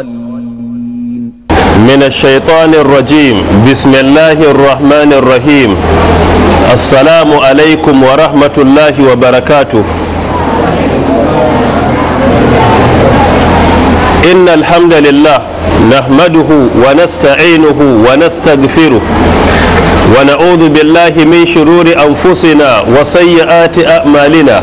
الضالين من الشيطان الرجيم بسم الله الرحمن الرحيم السلام عليكم ورحمة الله وبركاته إن الحمد لله نحمده ونستعينه ونستغفره ونعوذ بالله من شرور أنفسنا وسيئات أعمالنا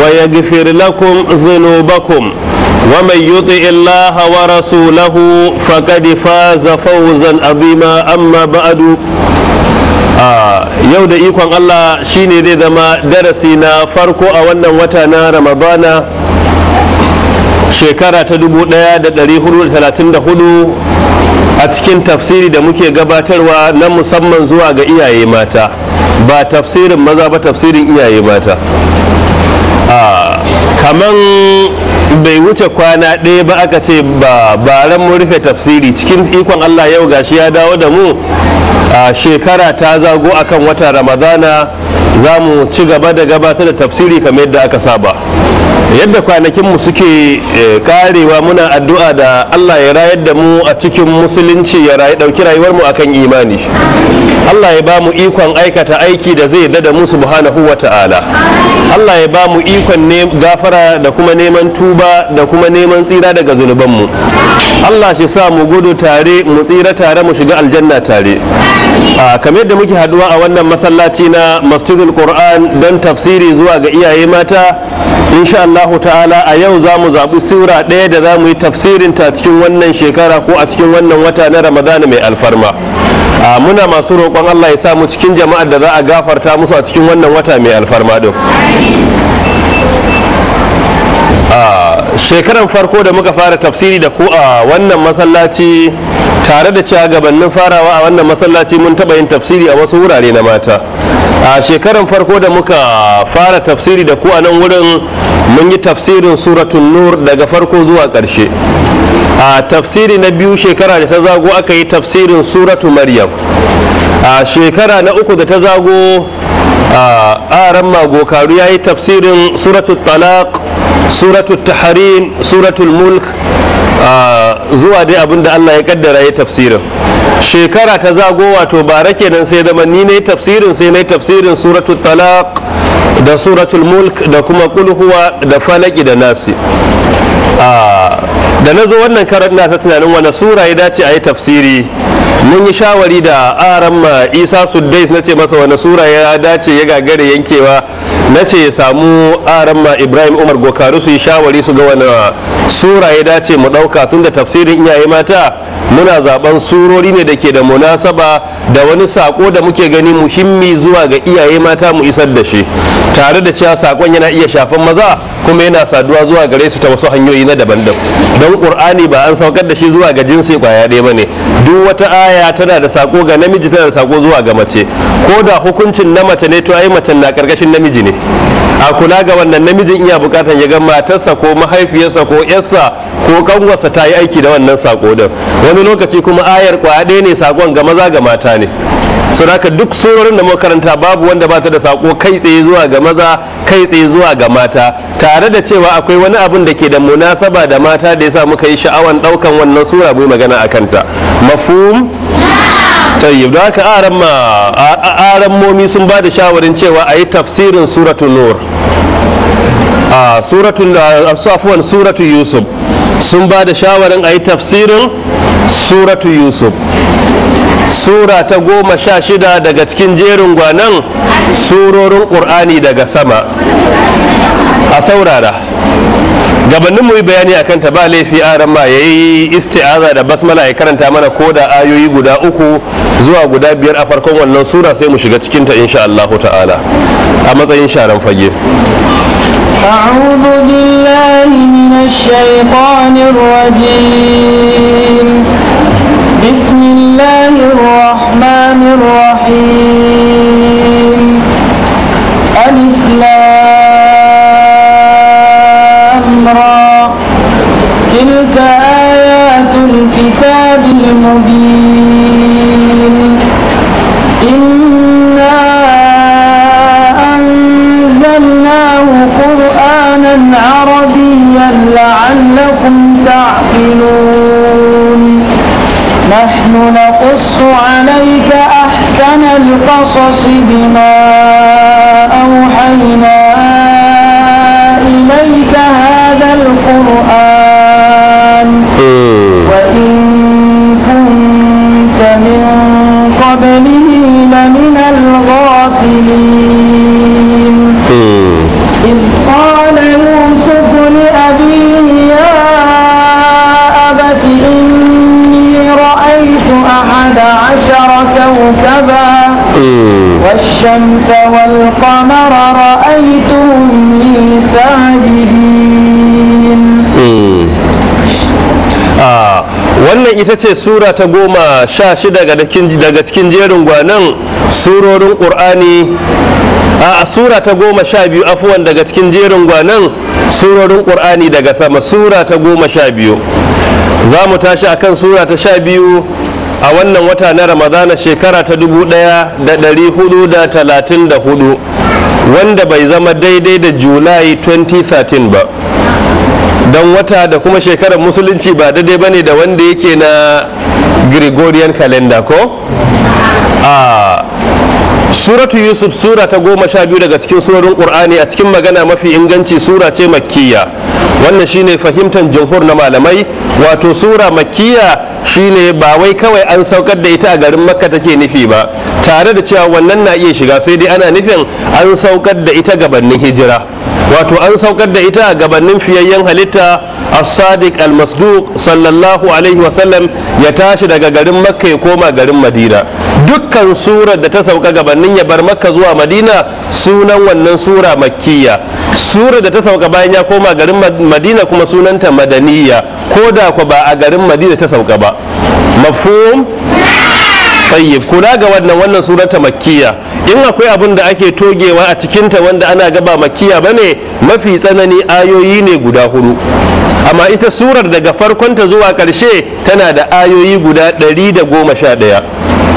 ويغفر لكم ذنوبكم ومن يطع الله ورسوله فقد فاز فوزا عظيما اما بعد yau da ikon Allah shine zai zama darasi na farko a wannan wata na Ramadana shekara ta 1434 a cikin tafsiri da muke gabatarwa na musamman zuwa ga iyaye mata ba tafsirin maza ba tafsirin iyaye mata kaman bai wuce kwana ɗaya ba aka ce ba baran mu rufe tafsiri cikin ikon allah yau gashi ya dawo da mu shekara ta zago akan wata ramadana za mu ci gaba da gabatar da tafsiri kamar yadda aka saba yadda kwanakinmu suke eh, karewa muna addu'a da allah ya rayar da mu a cikin musulunci ya rayu ɗauki mu akan imani allah ya ba mu ikon aikata aiki da zai dada mu subhanahu wa ta'ala allah ya ba mu ikon gafara da kuma neman tuba da kuma neman tsira daga zunubanmu allah shi sa mu gudu tare mu tsira tare mu shiga aljanna tare kamar yadda muke haduwa a wannan masallaci na masjidul qur'an don tafsiri zuwa ga iyaye mata insha Allahu ta'ala a yau za mu zaɓi sura ɗaya da za mu yi tafsirin ta cikin wannan shekara ko a cikin wannan wata na ramadana mai alfarma muna masu roƙon Allah ya sa mu cikin jama'ar da za a gafarta musu a cikin wannan wata mai alfarma din shekaran farko da muka fara tafsiri da ku a wannan masallaci tare da cewa gabanin farawa a wannan masallaci mun taɓa yin tafsiri a wasu wurare na mata a shekaran farko da muka fara tafsiri da ku a nan wurin mun yi tafsirin suratun nur daga farko zuwa ƙarshe a tafsiri na biyu shekara da ta zago aka yi tafsirin suratu maryam a shekara na uku da ta zago a aran magokaru ya yi tafsirin suratu talaq suratul taharim suratul mulk ah, zuwa dai abinda Allah ya kaddara ya tafsirin shekara ta zago wato bara kenan sai zama ni ne tafsirin sai na tafsirin suratul talaq da suratul mulk da kuma kulhuwa da falaki da nasi ah, da na zo wannan karar na ta tunanin wani sura ya dace a yi tafsiri mun yi shawari da aran isa suddais na ce masa wani sura ya dace ya gagare yankewa na ce ya samu aramma ibrahim umar gokaru su yi shawari su ga wani sura ya dace mu ɗauka tun da tafsirin iyaye mata muna zaben surori ne da ke da munasaba da wani sako da muke gani muhimmi zuwa ga iyaye mata mu isar da shi tare da cewa sakon yana iya shafan maza kuma yana saduwa zuwa gare su ta wasu hanyoyi na daban daban don qur'ani ba an saukar da shi zuwa ga jinsi kwaya ɗaya bane duk wata aya tana da sako ga namiji tana da sako zuwa ga mace ko da hukuncin na mace ne to ai mace na karkashin namiji ne a kula ga wannan namijin iya bukatar ya ga matarsa ko mahaifiyarsa ko yarsa ko kanwarsa ta yi aiki da wannan sako din wani lokaci kuma ayar kwaya ɗaya ne sakon ga maza ga mata ne so duk surorin da makaranta babu wanda ba ta da sako kai tsaye zuwa ga maza kai tsaye zuwa ga mata tare da cewa akwai wani abin da ke da munasaba da mata da yasa muka yi sha'awan ɗaukan wannan sura bai magana a kanta mafhum tayyib don haka aran ma aran momi sun ba da shawarin cewa a yi tafsirin suratul nur a suratul afwan suratul yusuf sun ba da shawarin a yi tafsirin suratul yusuf sura ta goma sha shida daga cikin jerin gwanan surorin ƙur'ani daga sama a saurara gabanin mu yi bayani akan ta ba laifi aran ma yayi isti'aza da basmala ya karanta mana ko da ayoyi guda uku zuwa guda biyar a farkon wannan sura sai mu shiga cikin ta insha Allah ta'ala a matsayin sharan fage أعوذ بسم الله الرحمن الرحيم عمرا تلك آيات الكتاب المبين إنا أنزلناه قرآنا عربيا لعلكم تعقلون نحن نقص عليك أحسن القصص بما نسبا والشمس والقمر رأيتهم لي ساجدين wannan ita ce sura ta goma sha shida daga cikin jerin gwanan surorin ƙur'ani a sura ta goma sha biyu afuwan daga cikin jerin gwanan surorin ƙur'ani daga sama sura ta goma sha biyu za mu tashi akan sura ta sha biyu a wannan wata na ramadana shekara ta 1434 wanda bai zama daidai da julai 2013 ba don wata da kuma shekarar musulunci ba daidai ba ne da wanda yake na gregorian calendar ko? a ah, suratu yusuf sura ta goma sha biyu daga cikin surorin qur'ani a cikin magana mafi inganci sura ce makkiya wannan shine fahimtar jumhur na malamai wato sura makkiya shine ba wai kawai an saukar da ita a garin makka take nufi ba tare da cewa wannan na iya shiga sai dai ana nufin an saukar da ita gabanin hijira wato an saukar da ita a gabanin fiyayyen halitta as-sadiq al-masduq sallallahu alaihi wasallam ya tashi daga garin makka ya koma garin madina dukkan surar da ta sauka gabanin gabanin ya bar makka zuwa madina sunan wannan sura makkiya sura da ta sauka bayan ya koma garin madina kuma sunanta madaniya ko da ku ba a garin madina ta sauka ba mafhum tayyib kula ga wannan wannan surata makkiya in akwai abin da ake togewa a cikinta wanda ana gaba makkiya bane mafi tsanani ayoyi ne guda hudu amma ita surar daga farkonta zuwa karshe tana da ayoyi guda ɗari da goma sha ɗaya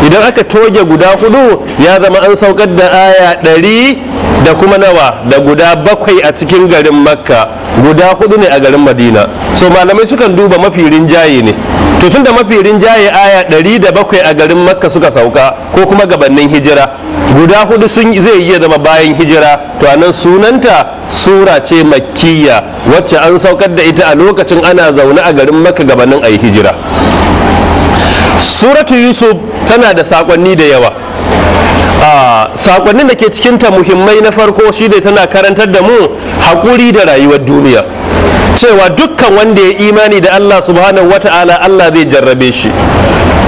idan aka toge guda hudu ya zama an saukar da aya ɗari da kuma nawa da guda bakwai a cikin garin makka guda hudu ne a garin madina so malamai sukan duba mafi rinjaye ne to tun da mafi rinjaye aya ɗari da bakwai a garin makka suka sauka ko kuma gabanin hijira guda hudu sun zai iya zama bayan hijira to anan sunanta sura ce makkiya wacce an saukar da ita a lokacin ana zaune a garin makka gabanin a yi hijira suratu yusuf tana da sakonni da yawa sakonnin da ke cikinta muhimmai na farko shi da tana karantar da mu haƙuri da rayuwar duniya cewa dukkan wanda ya imani da Allah subhanahu ta'ala Allah zai jarrabe shi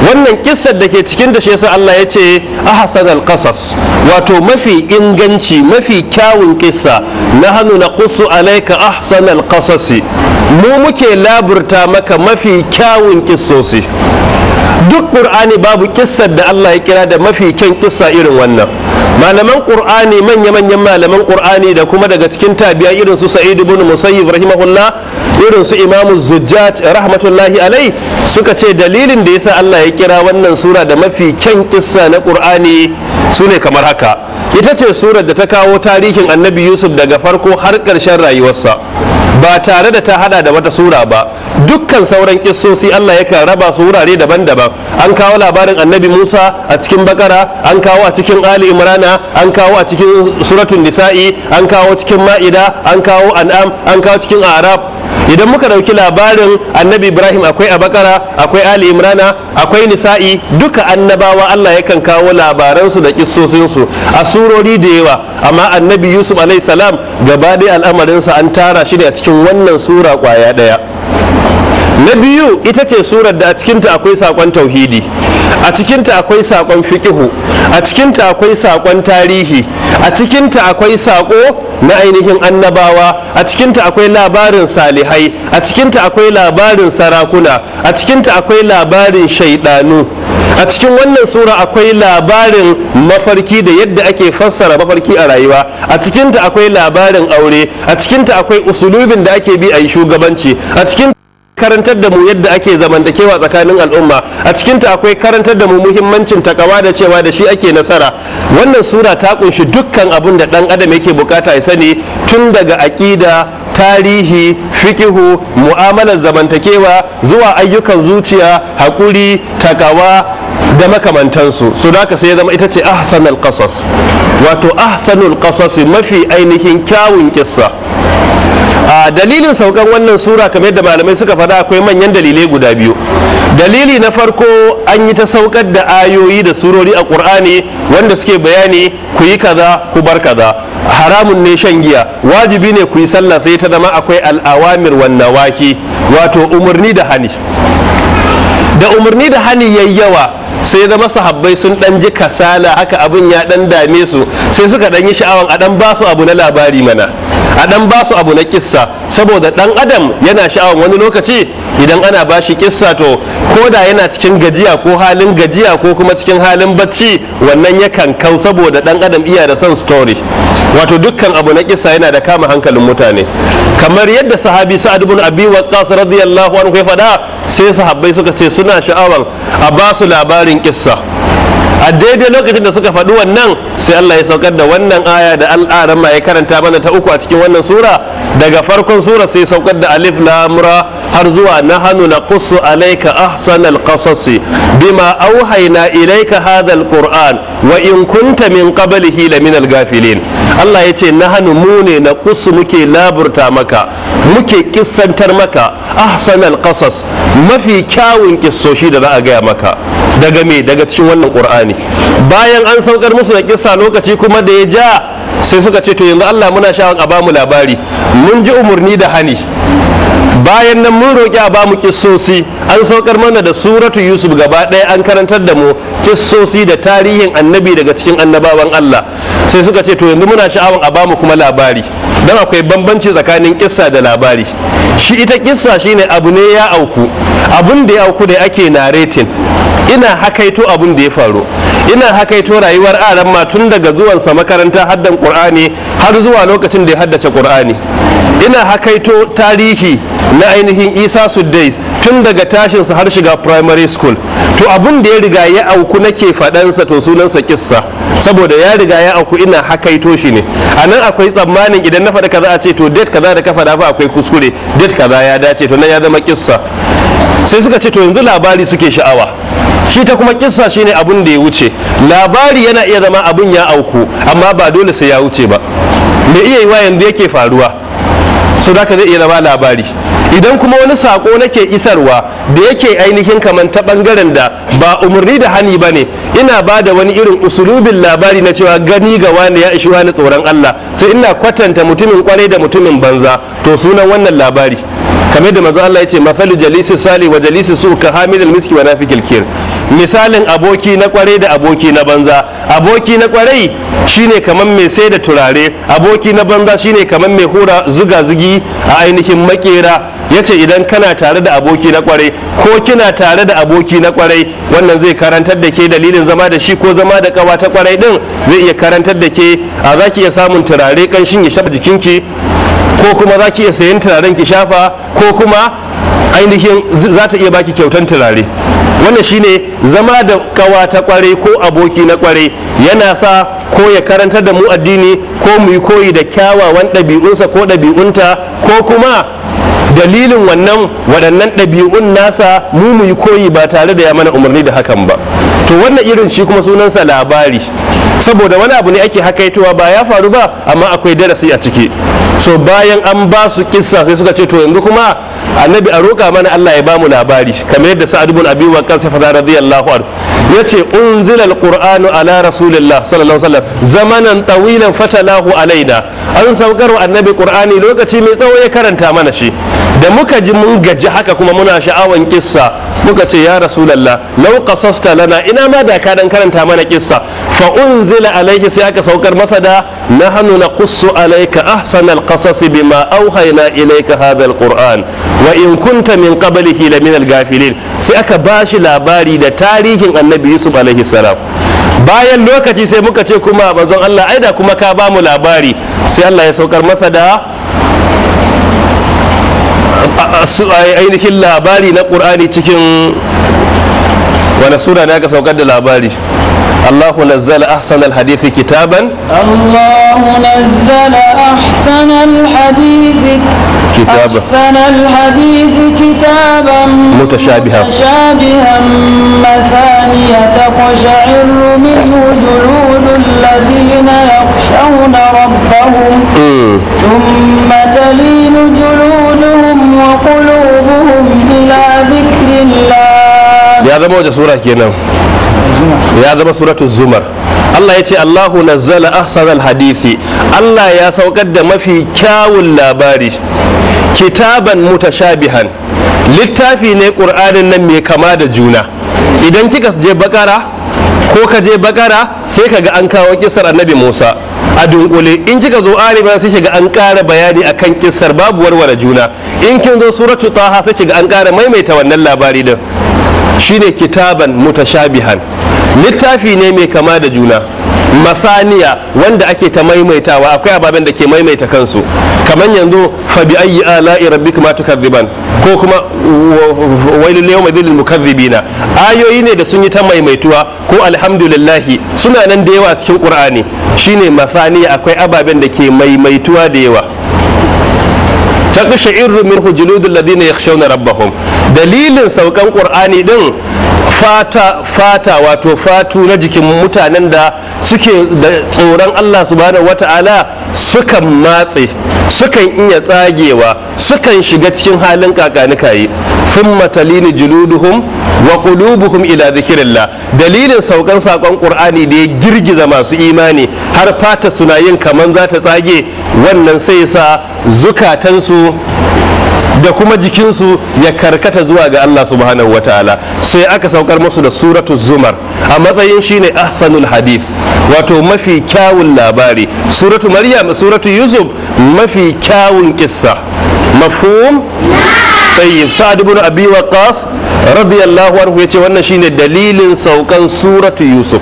wannan kissar da ke cikin da shi yasa Allah ya ce a al-qasas wato mafi inganci mafi kyawun kissa na hannu na kusu alaika ahsan al-qasasi mu muke laburta maka mafi kyawun kissosi duk qur'ani babu kissar da Allah ya kira da mafi kyan kissa irin wannan malaman qur'ani manya manyan malaman qur'ani da kuma daga cikin tabi'a irin su sa'id ibn musayyib rahimahullah irin su imamu zujjaj rahmatullahi alai suka ce dalilin da yasa Allah ya kira wannan sura da mafi kyan kissa na qur'ani ne kamar haka ita ce surar da ta kawo tarihin annabi yusuf daga farko har ƙarshen rayuwarsa ba tare da ta hada da wata sura ba dukkan sauran kissosi Allah yakan raba su wurare daban-daban an kawo labarin annabi musa a cikin bakara an kawo a cikin ali imrana an kawo a cikin suratun nisa'i an kawo cikin ma'ida an kawo an'am an kawo cikin arab idan muka dauki labarin annabi ibrahim akwai a bakara akwai ali imrana akwai nisa'i duka annabawa allah yakan kawo labaransu da kissosinsu a surori da yawa amma annabi yusuf alaihi salam gaba ɗaya al'amarinsa an tara shi ne a cikin wannan sura kwaya ɗaya na biyu ita ce surar da a cikinta akwai sakon tauhidi a cikinta akwai sakon fikihu a cikinta akwai sakon tarihi a cikinta akwai sako na ainihin annabawa a cikinta akwai labarin salihai a cikinta akwai labarin sarakuna a cikinta akwai labarin shaidanu a cikin wannan sura akwai labarin mafarki da yadda ake fassara mafarki a rayuwa a cikinta akwai labarin aure a cikinta akwai usulubin da ake bi a yi shugabanci a cikin karantar da mu yadda ake zamantakewa tsakanin al'umma a cikin ta akwai karantar da mu muhimmancin takawa da cewa da shi ake nasara wannan sura ta kunshi dukkan abun da dan adam yake bukata ya sani tun daga aƙida tarihi fikihu mu'amalar zamantakewa zuwa ayyukan zuciya haƙuri takawa da makamantansu su da sai ya zama ita ce ahsanul qasas wato ahsanul qasas mafi ainihin kyawun kissa a dalilin saukan wannan sura kamar yadda malamai suka faɗa akwai manyan dalilai guda biyu dalili na farko an yi ta saukar da ayoyi da surori a ƙur'ani wanda suke bayani ku yi kaza ku bar kaza haramun ne shan giya wajibi ne ku yi sallah sai ta zama akwai al'awamir wannan waki wato umarni da hani da umarni da hani yayi yawa sai zama sahabbai sun dan ji kasala haka abin ya dan dame su sai suka dan yi sha'awan a dan ba su abu na labari mana a dan ba su abu na kissa saboda dan adam yana sha'awan wani lokaci idan ana ba shi kissa to ko da yana cikin gajiya ko halin gajiya ko kuma cikin halin bacci wannan yakan kau saboda dan adam iya da son story wato dukkan abu na kissa yana da kama hankalin mutane kamar yadda sahabi sa'ad ibn abi waqqas radiyallahu anhu ya fada sai sahabbai suka ce suna sha'awan a ba su labarin kissa a daidai lokacin da suka faɗi wannan sai Allah ya saukar da wannan aya da al'adar ma ya karanta mana ta uku a cikin wannan sura daga farkon sura sai saukar da alif lamura har zuwa na hannu na kusu alaika ahsanal qasasi bima auhaina ilaika hadal qur'an wa in kunta min qablihi la gafilin Allah ya ce na hannu mu ne na kusu muke laburta maka muke kissantar maka ahsanal qasas mafi kyawun kissoshi da za a gaya maka daga me daga cikin wannan qur'an. ne bayan an saukar musu da kisa lokaci kuma da ya ja sai suka ce to yanzu Allah muna shawan a bamu labari mun ji umarni da hani bayan nan mun roƙi a bamu kissosi an saukar mana da suratu yusuf gaba ɗaya an karantar da mu kissosi da tarihin annabi daga cikin annabawan Allah sai suka ce to yanzu muna sha'awar a bamu kuma labari don akwai bambanci tsakanin kissa da labari shi ita kissa shine abu ne ya auku abun da ya auku da ake naretin ina hakaito abun da ya faru ina hakaito rayuwar aran ma tun daga zuwansa makaranta haddan qur'ani har zuwa lokacin da ya haddace qur'ani ina hakaito tarihi na ainihin isa suddais tun daga tashinsa har shiga primary school to abun da ya riga ya auku nake faɗansa to sunansa kissa saboda ya riga ya auku ina hakaito shi ne a nan akwai tsammanin idan na faɗi kaza a ce to date kaza da ka faɗa fa akwai kuskure date kaza ya dace to nan ya zama kissa sai suka ce to yanzu labari suke sha'awa shi ta kuma kissa shine abun da ya wuce labari yana iya zama abun ya auku amma ba dole sai ya wuce ba me iya yi wa yanzu yake faruwa sau da ka zai iya zama labari idan kuma wani sako nake isarwa da yake ainihin kaman ta bangaren da ba umarni da hani ba ne ina ba da wani irin usulubin labari na cewa gani ga wani ya ishi wani tsoron Allah sai ina kwatanta mutumin kwarai da mutumin banza to sunan wannan labari kamar da manzo Allah ya ce mafalu jalisi sali wa jalisi su ka hamidul miski wa nafikil kir misalin aboki na kwarai da aboki na banza aboki na kwarai shine kamar mai sai da turare aboki na banza shine kamar mai hura zuga zugi a ainihin makera ce idan kana tare da aboki na kwarai ko kina tare da aboki na kwarai wannan zai karantar da ke dalilin zama da shi ko zama da kawa ta kwarai din zai iya karantar da ke a za ki iya samun turare kanshin ya shafa jikinki ko kuma za ki iya sayan turaren ki shafa ko kuma ainihin za ta iya baki kyautan turare wannan shine zama da kawa ta kware ko aboki na kware yana sa ko ya karanta da mu addini ko mu yi koyi da kyawawan ɗabi'unsa ko ɗabi'unta ko kuma dalilin wannan waɗannan ɗabi'un nasa mu mu yi koyi ba tare da ya mana umarni da hakan ba to wannan irin shi kuma sunansa labari saboda wani abu ne ake hakaitowa ba ya faru ba amma akwai darasi a ciki so bayan an ba su kissa sai suka ce to yanzu kuma annabi a roƙa mana Allah ya bamu labari kamar yadda sa'ad ibn abi waqqas ya fada radiyallahu anhu yace unzila alqur'anu ala rasulillah sallallahu alaihi wasallam zamanan tawilan fatalahu alaina an saukar wa annabi qur'ani lokaci mai tsawo ya karanta mana shi da muka ji mun gaji haka kuma muna sha'awan kissa muka ce ya rasulallah lau qasasta lana ina ma da ka dan karanta mana kissa fa unzila alaihi sai aka saukar masa da nahnu naqussu alayka ahsana alqasas bima awhayna ilayka hadha alquran wa in kunta min qablihi la min alghafilin sai aka bashi labari da tarihin annabi yusuf alaihi salam bayan lokaci sai muka ce kuma manzon Allah aida kuma ka ba mu labari sai Allah ya saukar masa da su ainihin labari na ƙur'ani cikin wani sura ne aka saukar da labari Allahu nazzala ahsan alhadithi kitaban Allahu nazzala ahsan alhadithi kitaban ahsan alhadithi kitaban mutashabihan mutashabihan mathani yataqsha'iru minhu juludu alladhina yakhshawna rabbahum hmm. thumma talinu juludu وقلوبهم إلى ذكر الله يا ذا ya zama suratu zumar Allah ya ce Allahu nazzala a al-hadithi Allah ya saukar da mafi kyawun labari kitaban shabihan littafi ne ƙur'anin nan mai kama da juna idan kika je bakara ko ka je bakara sai ka ga an kawo kisar annabi musa a dunkule in kika zo arewa sai shiga an ƙara bayani a kan kisar babu warware juna in kin zo suratu taha sai shiga an ƙara maimaita wannan labari din shine kitaban mutashabihan littafi ne mai kama da juna masaniya wanda ake ta maimaitawa akwai ababen da ke maimaita kansu kamar yanzu fa bi ayyi rabbika ma tukazziban ko kuma wailul yawma dhil mukazzibina ayoyi ne da sun yi ta maimaituwa ko alhamdulillahi suna nan da yawa cikin qur'ani shine masaniya akwai ababen da ke maimaituwa da yawa taqsha'iru minhu juludul ladina yakhshawna rabbahum dalilin saukan ƙur'ani din fata fata wato fatu na jikin mutanen da suke da tsoron Allah subhanahu wata'ala sukan matse sukan iya tsagewa sukan shiga cikin halin kakanika yi, sun matalini juluduhum wa buhum ila zikirillah dalilin saukan sakon qur'ani da ya girgiza masu imani har fata suna yin kaman za ta tsage wannan sai sa zukatansu da kuma jikinsu ya karkata zuwa ga Allah subhanahu wa ta'ala sai aka saukar musu da suratu zumar a matsayin shine ahsanul hadith wato mafi kyawun labari suratu maryam suratu yusuf mafi kyawun kissa mafhum tayyib sa'ad ibn abi waqas radiyallahu anhu yace wannan shine dalilin saukan suratu yusuf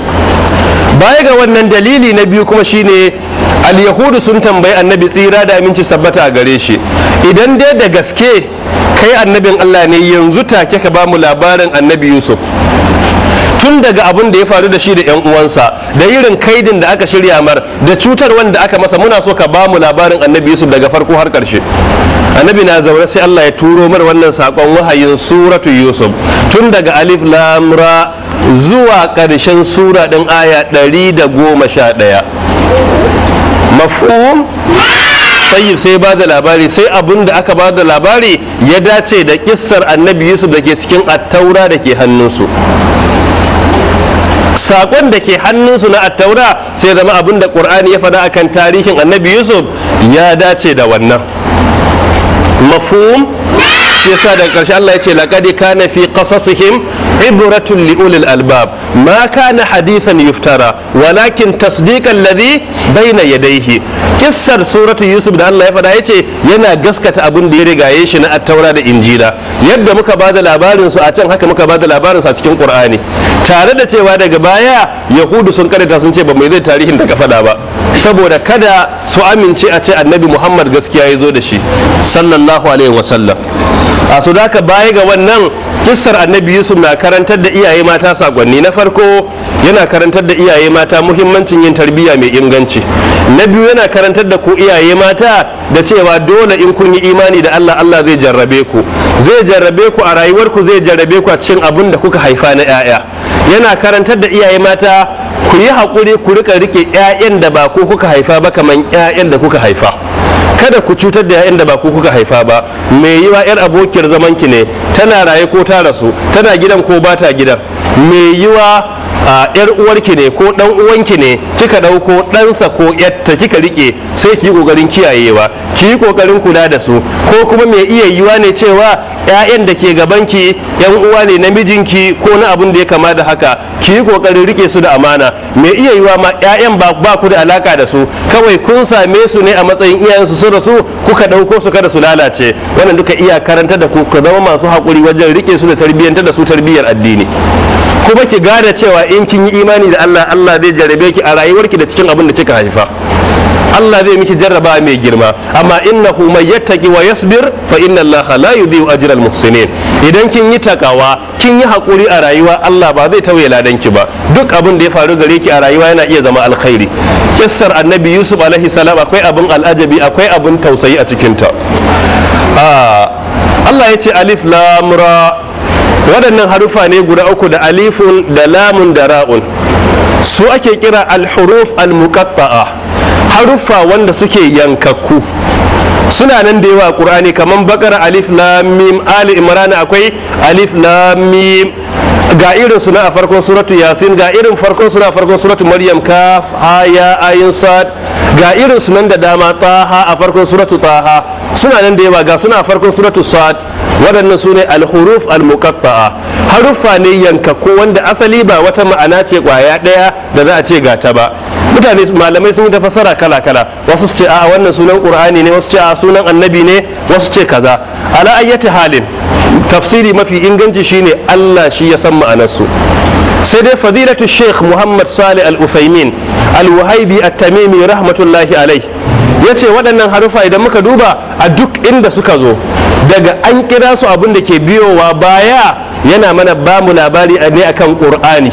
baya ga wannan dalili na biyu kuma shine al-yahudu sun tambayi annabi tsira da aminci sabbata a gare shi idan dai da gaske kai annabin Allah ne yanzu take ka bamu labarin annabi Yusuf tun daga abin da ya faru da shi da yan uwansa da irin kaidin da aka shirya mar da cutar wanda aka masa muna so ka bamu labarin annabi Yusuf daga farko har karshe annabi na zaune sai Allah ya turo mar wannan sakon wahayin suratu Yusuf tun daga alif lam zuwa karshen sura din aya ɗari da goma sha ɗaya mafhum tayyib sai ba da labari sai abun da aka ba da labari ya dace da kissar annabi yusuf da ke cikin attaura da ke hannunsu Saƙon da ke hannunsu na attaura sai zama abin da ƙur'ani ya faɗa akan tarihin annabi yusuf ya dace da wannan mafhum shi yasa daga karshe Allah ya ce laqad kana fi qasasihim ibratun li ulil albab ma na hadithan yuftara walakin tasdiqan ladhi bayna yadayhi kissar suratu yusuf da Allah ya faɗa ce yana gaskata abin da ya rigaye shi na attaura da injila yadda muka bada labarin su a can haka muka bada labarin su a cikin qur'ani tare da cewa daga baya yahudu sun karanta sun ce ba mai zai tarihin da ka faɗa ba saboda kada su amince a ce annabi muhammad gaskiya ya zo da shi sallallahu alaihi wasallam a su daka baya ga wannan kissar annabi yusuf na karantar da iyaye mata sakonni na farko yana karantar da iyaye mata muhimmancin yin tarbiyya mai inganci na biyu yana karantar da ku iyaye mata da cewa dole in kun yi imani da allah allah zai jarrabe ku zai jarrabe ku a rayuwarku zai jarrabe ku a cikin abin da kuka haifa na 'ya'ya yana karantar da iyaye mata ku yi hakuri ku rika rike 'ya'yan da ba ku kuka haifa ba kamar 'ya'yan da kuka haifa kada ku cutar da 'ya'yan da ba ku kuka haifa ba mai yiwa 'yar abokiyar zamanki ne tana raye ko ta rasu tana gidan ko ba ta gidan mai yiwa yar uwarki ne ko dan uwanki ne kika dauko ɗansa ko yatta kika rike sai ki yi kokarin kiyayewa ki yi kokarin kula da su ko kuma mai iya yiwa ne cewa ƴaƴan da ke gabanki yan uwa ne na mijinki ko na abun da ya kama da haka ki yi kokarin rike su da amana mai iya yiwa ma ƴaƴan ba ba ku da alaka da su kawai kun same su ne a matsayin iyayensu su su kuka dauko su kada su lalace wannan duka iya karanta da ku ku zama masu hakuri wajen rike su da tarbiyyanta da su tarbiyyar addini kuma ki gane cewa in kin yi imani da Allah Allah zai jarrabe ki a rayuwarki da cikin abin da kika haifa Allah zai miki jarraba mai girma amma innahu may yattaqi wa yasbir fa inna Allah la yudhi'u ajral muhsinin idan kin yi takawa kin yi hakuri a rayuwa Allah ba zai tauye ladan ki ba duk abin da ya faru gare ki a rayuwa yana iya zama alkhairi kissar annabi Yusuf alaihi salam akwai abin al'ajabi akwai abin tausayi a cikin ta ah, Allah ya ce alif lam ra waɗannan harufa ne guda uku da alifun da lamun da ra'un su ake kira alhuruf almukaffa'a al wanda suke yankakku suna nan da yawa ƙur'ani kamar baƙar alif lamim ali imran akwai alif lamim ga irin suna a farkon suratu yasin ga irin farkon suna a farkon suratu maryam ka haya ayin sad ga irin sunan da dama taha a farkon suratu taha suna nan da yawa ga suna a farkon suratu sad waɗannan su ne alhuruf almuqatta'a haruffa ne yanka ko wanda asali ba wata ma'ana ce kwaya ɗaya da za a ce ga ta ba mutane malamai sun ta fasara kala kala wasu su ce a wannan sunan qur'ani ne wasu ce a sunan annabi ne wasu ce kaza ala ayyati halin tafsiri mafi inganci shine Allah shi ya san ma'anarsu sai dai fadilatu sheikh muhammad sale al-uthaymin al wahaibi at-tamimi rahmatullahi alai yace ce waɗannan harufa idan muka duba a duk inda suka zo daga an kira su abin da ke biyowa baya yana mana bamu mu labari ne akan qur'ani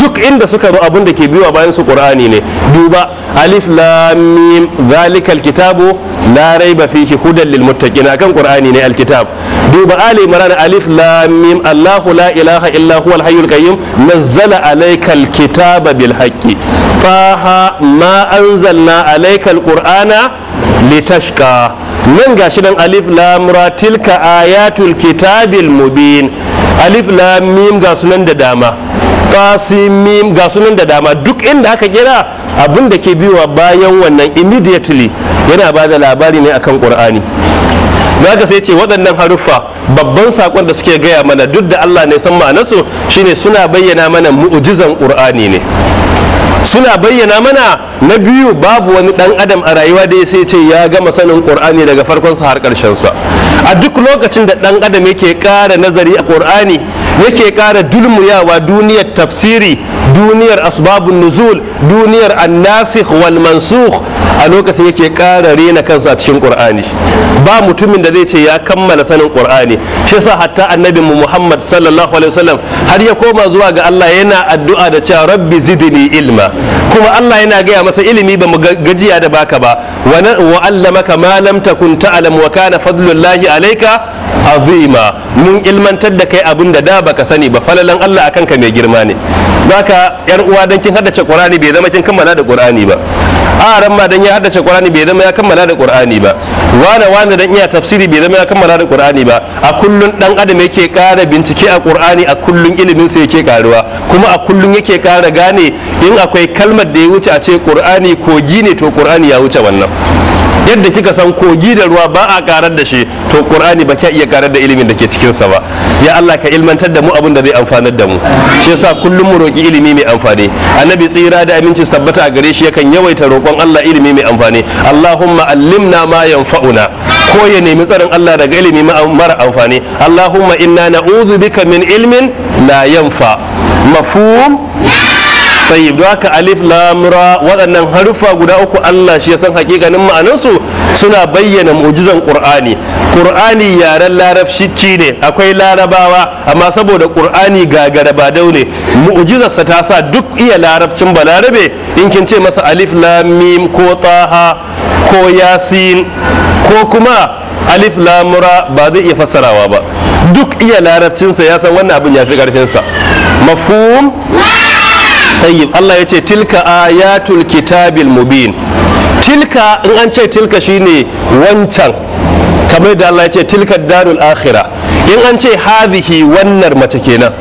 duk inda suka zo abin da ke biyowa bayan su qur'ani ne duba alif lam mim zalikal kitabu la raiba fihi hudan lil muttaqin akan qur'ani ne alkitab duba ali imran alif lam mim allah la ilaha illa huwa al hayyul qayyum nazzala alaykal kitaba bil haqqi taha ma anzalna alaykal qur'ana litashqa nan gashi nan alif lam ra tilka ayatul kitabil mubin alif la mim ga sunan da dama qasim ga sunan da dama duk inda aka kira abin da ke biwa bayan wannan immediately yana ba da labari ne akan qur'ani zaka sai ce waɗannan haruffa babban sakon da suke gaya mana duk da Allah ne san ma'anarsu shine suna bayyana mana mu'jizan qur'ani ne suna bayyana mana na biyu babu wani dan adam a rayuwa da ya sai ce ya gama sanin qur'ani daga farkonsa har sa a duk lokacin da ɗan adam yake ƙara nazari a ƙur'ani yake ƙara dulmuyawa duniyar tafsiri duniyar asbabun nuzul duniyar annasih wal mansukh a lokacin yake ƙara rena kansa a cikin ƙur'ani ba mutumin da zai ce ya kammala sanin ƙur'ani shi sa hatta annabi mu Muhammad sallallahu alaihi wasallam har ya koma zuwa ga Allah yana addu'a da cewa rabbi zidni ilma kuma Allah yana gaya masa ilimi ba mu gajiya da baka ba wa allamaka ma lam takun ta'lam wa kana fadlullahi alaika azima mun ilmantar da kai abin da da baka sani ba falalan Allah akan ka mai girma ne baka yar uwa dan kin haddace Qur'ani bai zama kin kammala da Qur'ani ba a ran ma dan ya haddace qur'ani bai zama ya kammala da qur'ani ba wane wane dan iya tafsiri bai zama ya kammala da qur'ani ba a kullun dan adam yake kara bincike a qur'ani a kullun ilimin sa yake karuwa kuma a kullun yake kara gane in akwai kalmar da ya wuce a ce qur'ani kogi ne to qur'ani ya wuce wannan yadda kika san kogi da ruwa ba a karar da shi to qur'ani ba ka iya karar da ilimin da ke cikin sa ba ya Allah ka ilmantar da mu abin da zai amfanar da mu shi yasa kullum mu roki ilimi mai amfani annabi tsira da aminci tabbata a gare shi yakan yawaita roƙon Allah ilimi mai amfani Allahumma allimna ma yanfa'una ko ya nemi tsarin Allah daga ilimi mara amfani Allahumma inna na'udhu bika min ilmin la yanfa mafhum tayyib don haka alif lamura waɗannan harufa guda uku Allah shi ya san hakikanin ma'anansu suna bayyana mu'jizan qur'ani qur'ani yaren larabci ne akwai larabawa amma saboda qur'ani gagaraba daune daune mu'jizarsa ta sa duk iya larabcin balarabe in kin ce masa alif lam mim ko taha ko yasin ko kuma alif lamura ba zai iya fassarawa ba duk iya larabcinsa ya san wannan abin ya fi karfinsa mafhum tayyib Allah ya ce tilka ayatul kitabil mubin tilka in an ce tilka shine wancan kamar da Allah ya ce tilka darul akhira in an ce hadhihi wannan mace kenan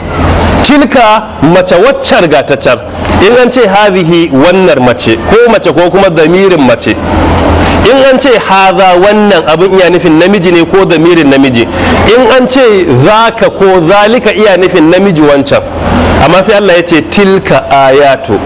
tilka mace waccar gatacar in an ce hadhihi wannan mace ko mace ko kuma zamirin mace in an ce haza wannan abin iya nufin namiji ne ko zamirin namiji in an ce zaka ko zalika iya nufin namiji wancan amma sai Allah ya ce tilka ayatu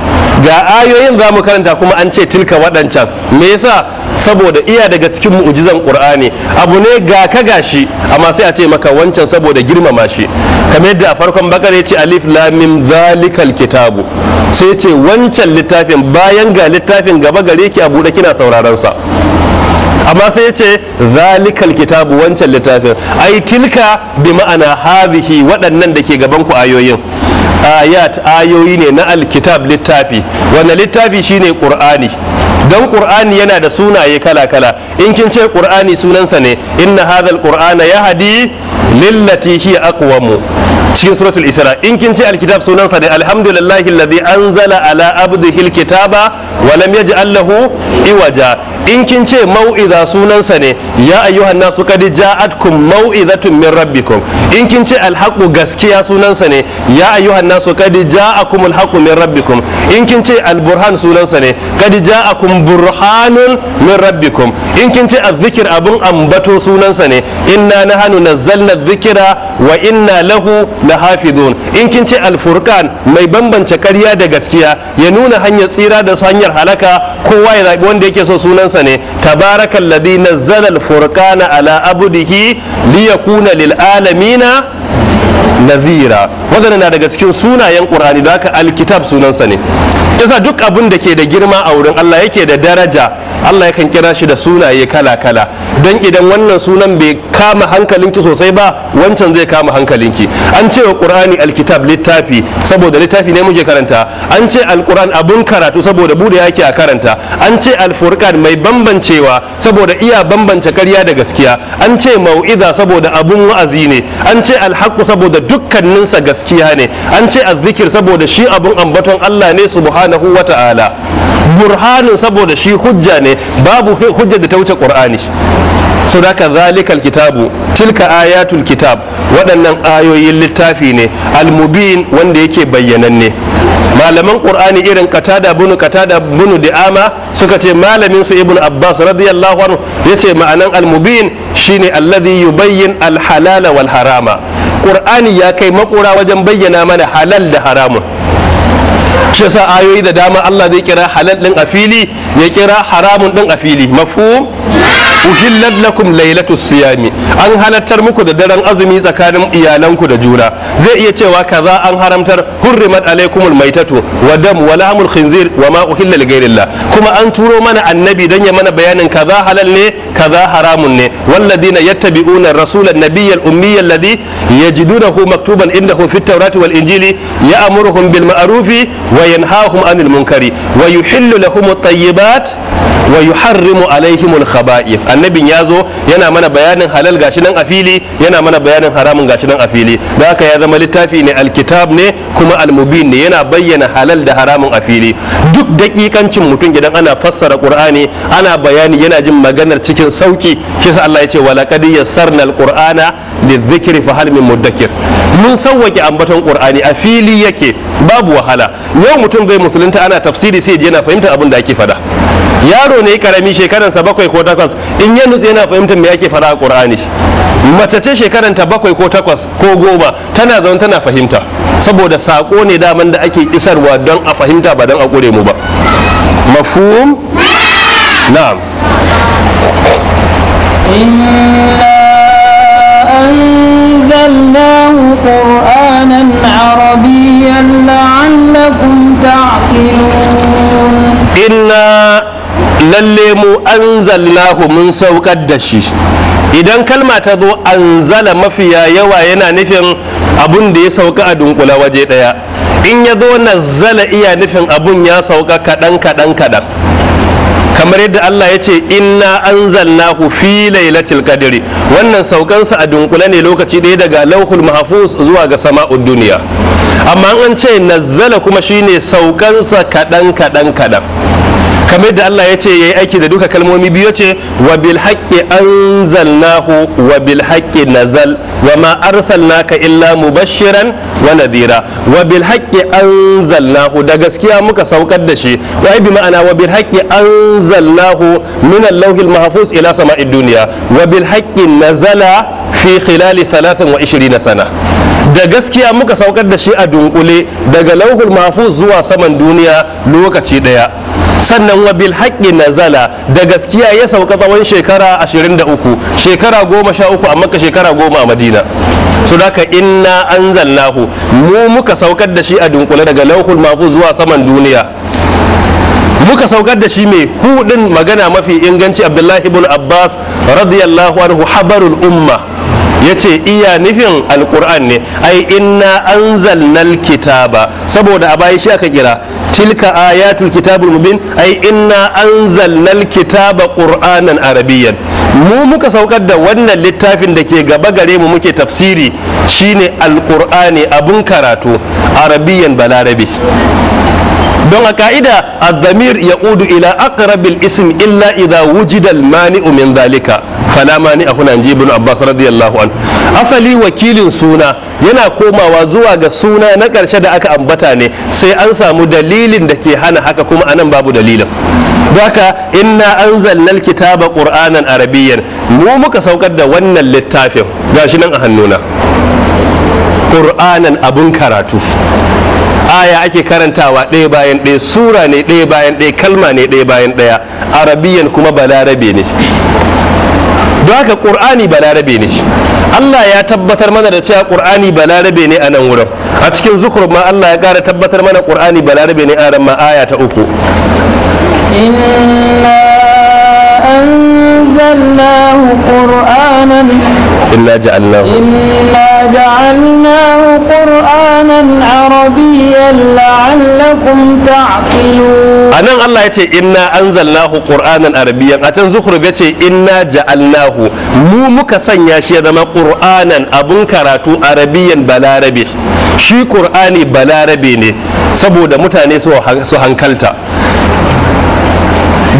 ga ayoyin za mu karanta kuma an ce tilka waɗancan me yasa saboda iya daga cikin mu'ujizan qur'ani abu ne ga ka gashi amma sai a ce maka wancan saboda girmama shi kamar yadda a farkon bakar ya ce alif lam mim zalikal kitabu sai ce wancan littafin bayan ga littafin gaba gare ki a buɗe kina sauraron sa amma sai ce zalikal kitabu wancan littafin ai tilka bi ma'ana hadhihi waɗannan da ke gaban ku ayoyin ayat ayoyi ne na alkitab littafi wanda littafi shine qur'ani don qur'ani yana da sunaye kala-kala in kin ce qur'ani sunansa ne inna hadhal qur'ana yahdi lillati hi aqwamu cikin suratul isra in kin ce alkitab sunansa ne alhamdulillahi alladhi anzala ala abdihi alkitaba wa lam yaj'al lahu iwaja in kin ce mau'iza sunansa ne ya ayyuhan nasu qad ja'atkum mau'izatun min rabbikum in kin ce alhaqu gaskiya sunansa ne ya ayyuhan nasu qad ja'akum alhaqu min rabbikum in kin ce alburhan sunansa ne qad ja'akum burhanun min rabbikum in kin ce azzikir abun ambato sunansa ne inna nahanu nazzalna dhikra wa inna lahu lahafizun in kin ce alfurqan mai bambance karya da gaskiya ya nuna hanyar tsira da hanyar halaka kowa ya zabi wanda yake so sunansa sunansa ne tabarakal ladhi nazzala al-furqana ala abdihi liyakuna lil na nadhira wadannan na daga cikin sunayen qur'ani da haka alkitab sunansa ne yasa duk abin da ke da girma a wurin Allah yake da daraja Allah yakan kira shi da sunaye kala-kala don idan wannan sunan bai kama hankalinki sosai ba wancan zai kama hankalinki an ce wa ƙur'ani alkitab littafi saboda littafi ne muke karanta an ce alquran abun karatu saboda bude yake a karanta an ce alfurkan mai bambancewa saboda iya bambance karya da gaskiya an ce mau'iza saboda abun wa'azi ne an ce alhaqu saboda dukkaninsa gaskiya ne an ce azzikir saboda shi abun ambaton Allah ne subhanahu subhanahu wa ta'ala burhanin saboda shi hujja ne babu hujja da ta wuce qur'ani ka zalikal kitabu tilka ayatul kitab waɗannan ayoyin littafi ne almubin wanda yake bayyananne malaman qur'ani irin katada bunu katada bunu di'ama suka ce malamin su ibnu abbas radiyallahu anhu yace ma'anan almubin shine alladhi yubayyin alhalala wal harama qur'ani ya kai makura wajen bayyana mana halal da haramun shi yasa ayoyi da dama Allah zai kira halal din a fili ya kira haramun din a fili mafhum uhillat lakum lailatu siyami an halattar muku da daren azumi tsakanin iyalanku da juna zai iya cewa kaza an haramtar hurrimat alaikumul maitatu wa dam wa lahmul khinzir wa ma uhilla li ghairillah kuma an turo mana annabi dan ya mana bayanin kaza halal ne kaza haramun ne walladina yattabi'una rasulan nabiyyal ummiy alladhi yajidunahu maktuban inda fit tawrati wal injili ya'muruhum bil ma'rufi wa yanhahum anil munkari wa yuhillu lahum at-tayyibat wa yuharrimu alaihimul khaba'is annabin yazo yana mana bayanin halal gashi nan a fili yana mana bayanin haramun gashi nan a fili da haka ya zama littafi ne alkitab ne kuma almubin ne yana bayyana halal da haramun a fili duk daƙiƙancin mutum idan ana fassara qur'ani ana bayani yana jin maganar cikin sauki kisa Allah ya ce wa laqad yassarnal qur'ana lidhikri fa hal min mudakkir mun sawwake ambaton qur'ani a fili yake babu wahala yau mutum zai musulunta ana tafsiri sai yana fahimtar abin da ake fada yaro ne karami sa bakwai ko takwas in ya nutse yana fahimtar me yake fara a qur'ani mace ce ta bakwai ko takwas ko goma tana zaune tana fahimta saboda sako ne daman da ake isarwa don a fahimta ba don a kure mu ba mafhum na'am أنزلناه قرآنا عربيا لعلكم inna lalle mu anzalnahu mun saukar da shi idan kalma ta zo anzala mafiya yawa yana nufin abun da ya sauka a dunkula waje daya in ya zo nazzala iya nufin abun ya sauka kaɗan kaɗan kaɗan kamar yadda Allah ya ce inna anzalnahu fi lailatul qadri wannan saukansa a dunkule ne lokaci ɗaya daga lauhul mahfuz zuwa ga sama'ud duniya amma an ce nazzala kuma shine saukansa kadan kadan kadan. kamar yadda Allah ya ce yayi aiki da duka kalmomi biyu ce wa bil haqqi anzalnahu wa bil haqqi nazal wa ma arsalnaka illa mubashiran wa nadira wa bil haqqi anzalnahu da gaskiya muka saukar da shi wa bi ma'ana wa bil haqqi anzalnahu min al-lawhil mahfuz ila sama'id dunya wa bil nazala fi khilali 23 sana da gaskiya muka saukar da shi a dunkule daga lauhul mahfuz zuwa saman duniya lokaci daya sannan wa bil na nazala da gaskiya ya sauka tsawon shekara 23 shekara 13 a makka shekara 10 a madina su daga inna nahu mu muka saukar da shi a dunkule daga lauhul mafu zuwa saman duniya muka saukar da shi mai hudin magana mafi inganci abdullahi ibn abbas radiyallahu anhu habarul umma yace iya nufin alkur'an ne ai inna anzalna alkitaba saboda a baya shi aka kira tilka ayatul kitabul mubin ai inna anzalna alkitaba qur'anan arabiyyan mu muka saukar da wannan littafin da ke gaba gare mu muke tafsiri shine alkur'ani abun karatu arabiyan balarabi don a ka'ida a zamir ƙudu ila aqrabil ism illa idha wujidal mani min fala mani ahuna inji ibn abbas radiyallahu an asali wakilin suna yana komawa zuwa ga suna na karshe da aka ambata ne sai an samu dalilin da ke hana haka kuma anan babu dalilin haka inna anzalna alkitaba kitaba qur'anan arabiyyan mu muka saukar da wannan littafin gashi nan a hannuna qur'anan abun karatu aya ake karantawa ɗaya bayan ɗaya sura ne ɗaya bayan ɗaya kalma ne ɗaya bayan ɗaya arabiyan kuma balarabe ne don haka ƙur'ani balarabe ne Allah ya tabbatar mana da cewa ƙur'ani balarabe ne a nan wurin a cikin zukur ma Allah ya ƙara tabbatar mana ƙur'ani balarabe ne a ran ma aya ta uku إنا أنزلناه قرآنا إلا جعلناه إلا جعلناه قرآنا عربيا لعلكم تعقلون أنا الله يتي إنا أنزلناه قرآنا عربيا أتن زخرف يتي إنا جعلناه مو مكسن sanya shi ya zama ƙur'anan abun karatu arabiyan balarabe shi ƙur'ani balarabe ne سبو دمتاني سو هنكالتا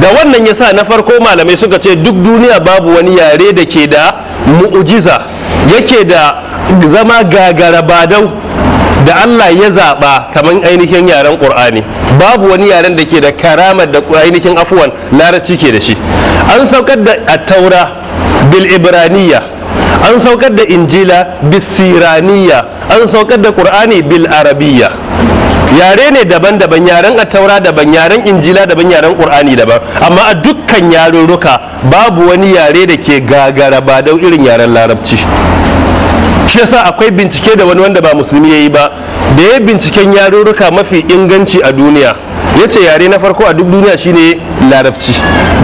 da wannan yasa na farko malamai suka ce duk duniya babu wani yare da ke da mu'ujiza yake da zama gagara badau da Allah ya zaɓa kamar ainihin yaren ƙur'ani babu wani yaren da ke da karamar da ainihin afuwan larabci ke da shi an saukar da attaura bil ibraniya an saukar da injila bil siraniya an saukar da ƙur'ani bil arabiya yare ne daban-daban yaren taura daban yaren injila daban yaren ƙur'ani daban amma a dukkan yarurruka babu wani yare da ke gagara ba don irin yaren larabci shi yasa akwai bincike da wani wanda ba musulmi ya yi ba da ya binciken yarurruka mafi inganci a duniya ya ce yare na farko a duk duniya shine larabci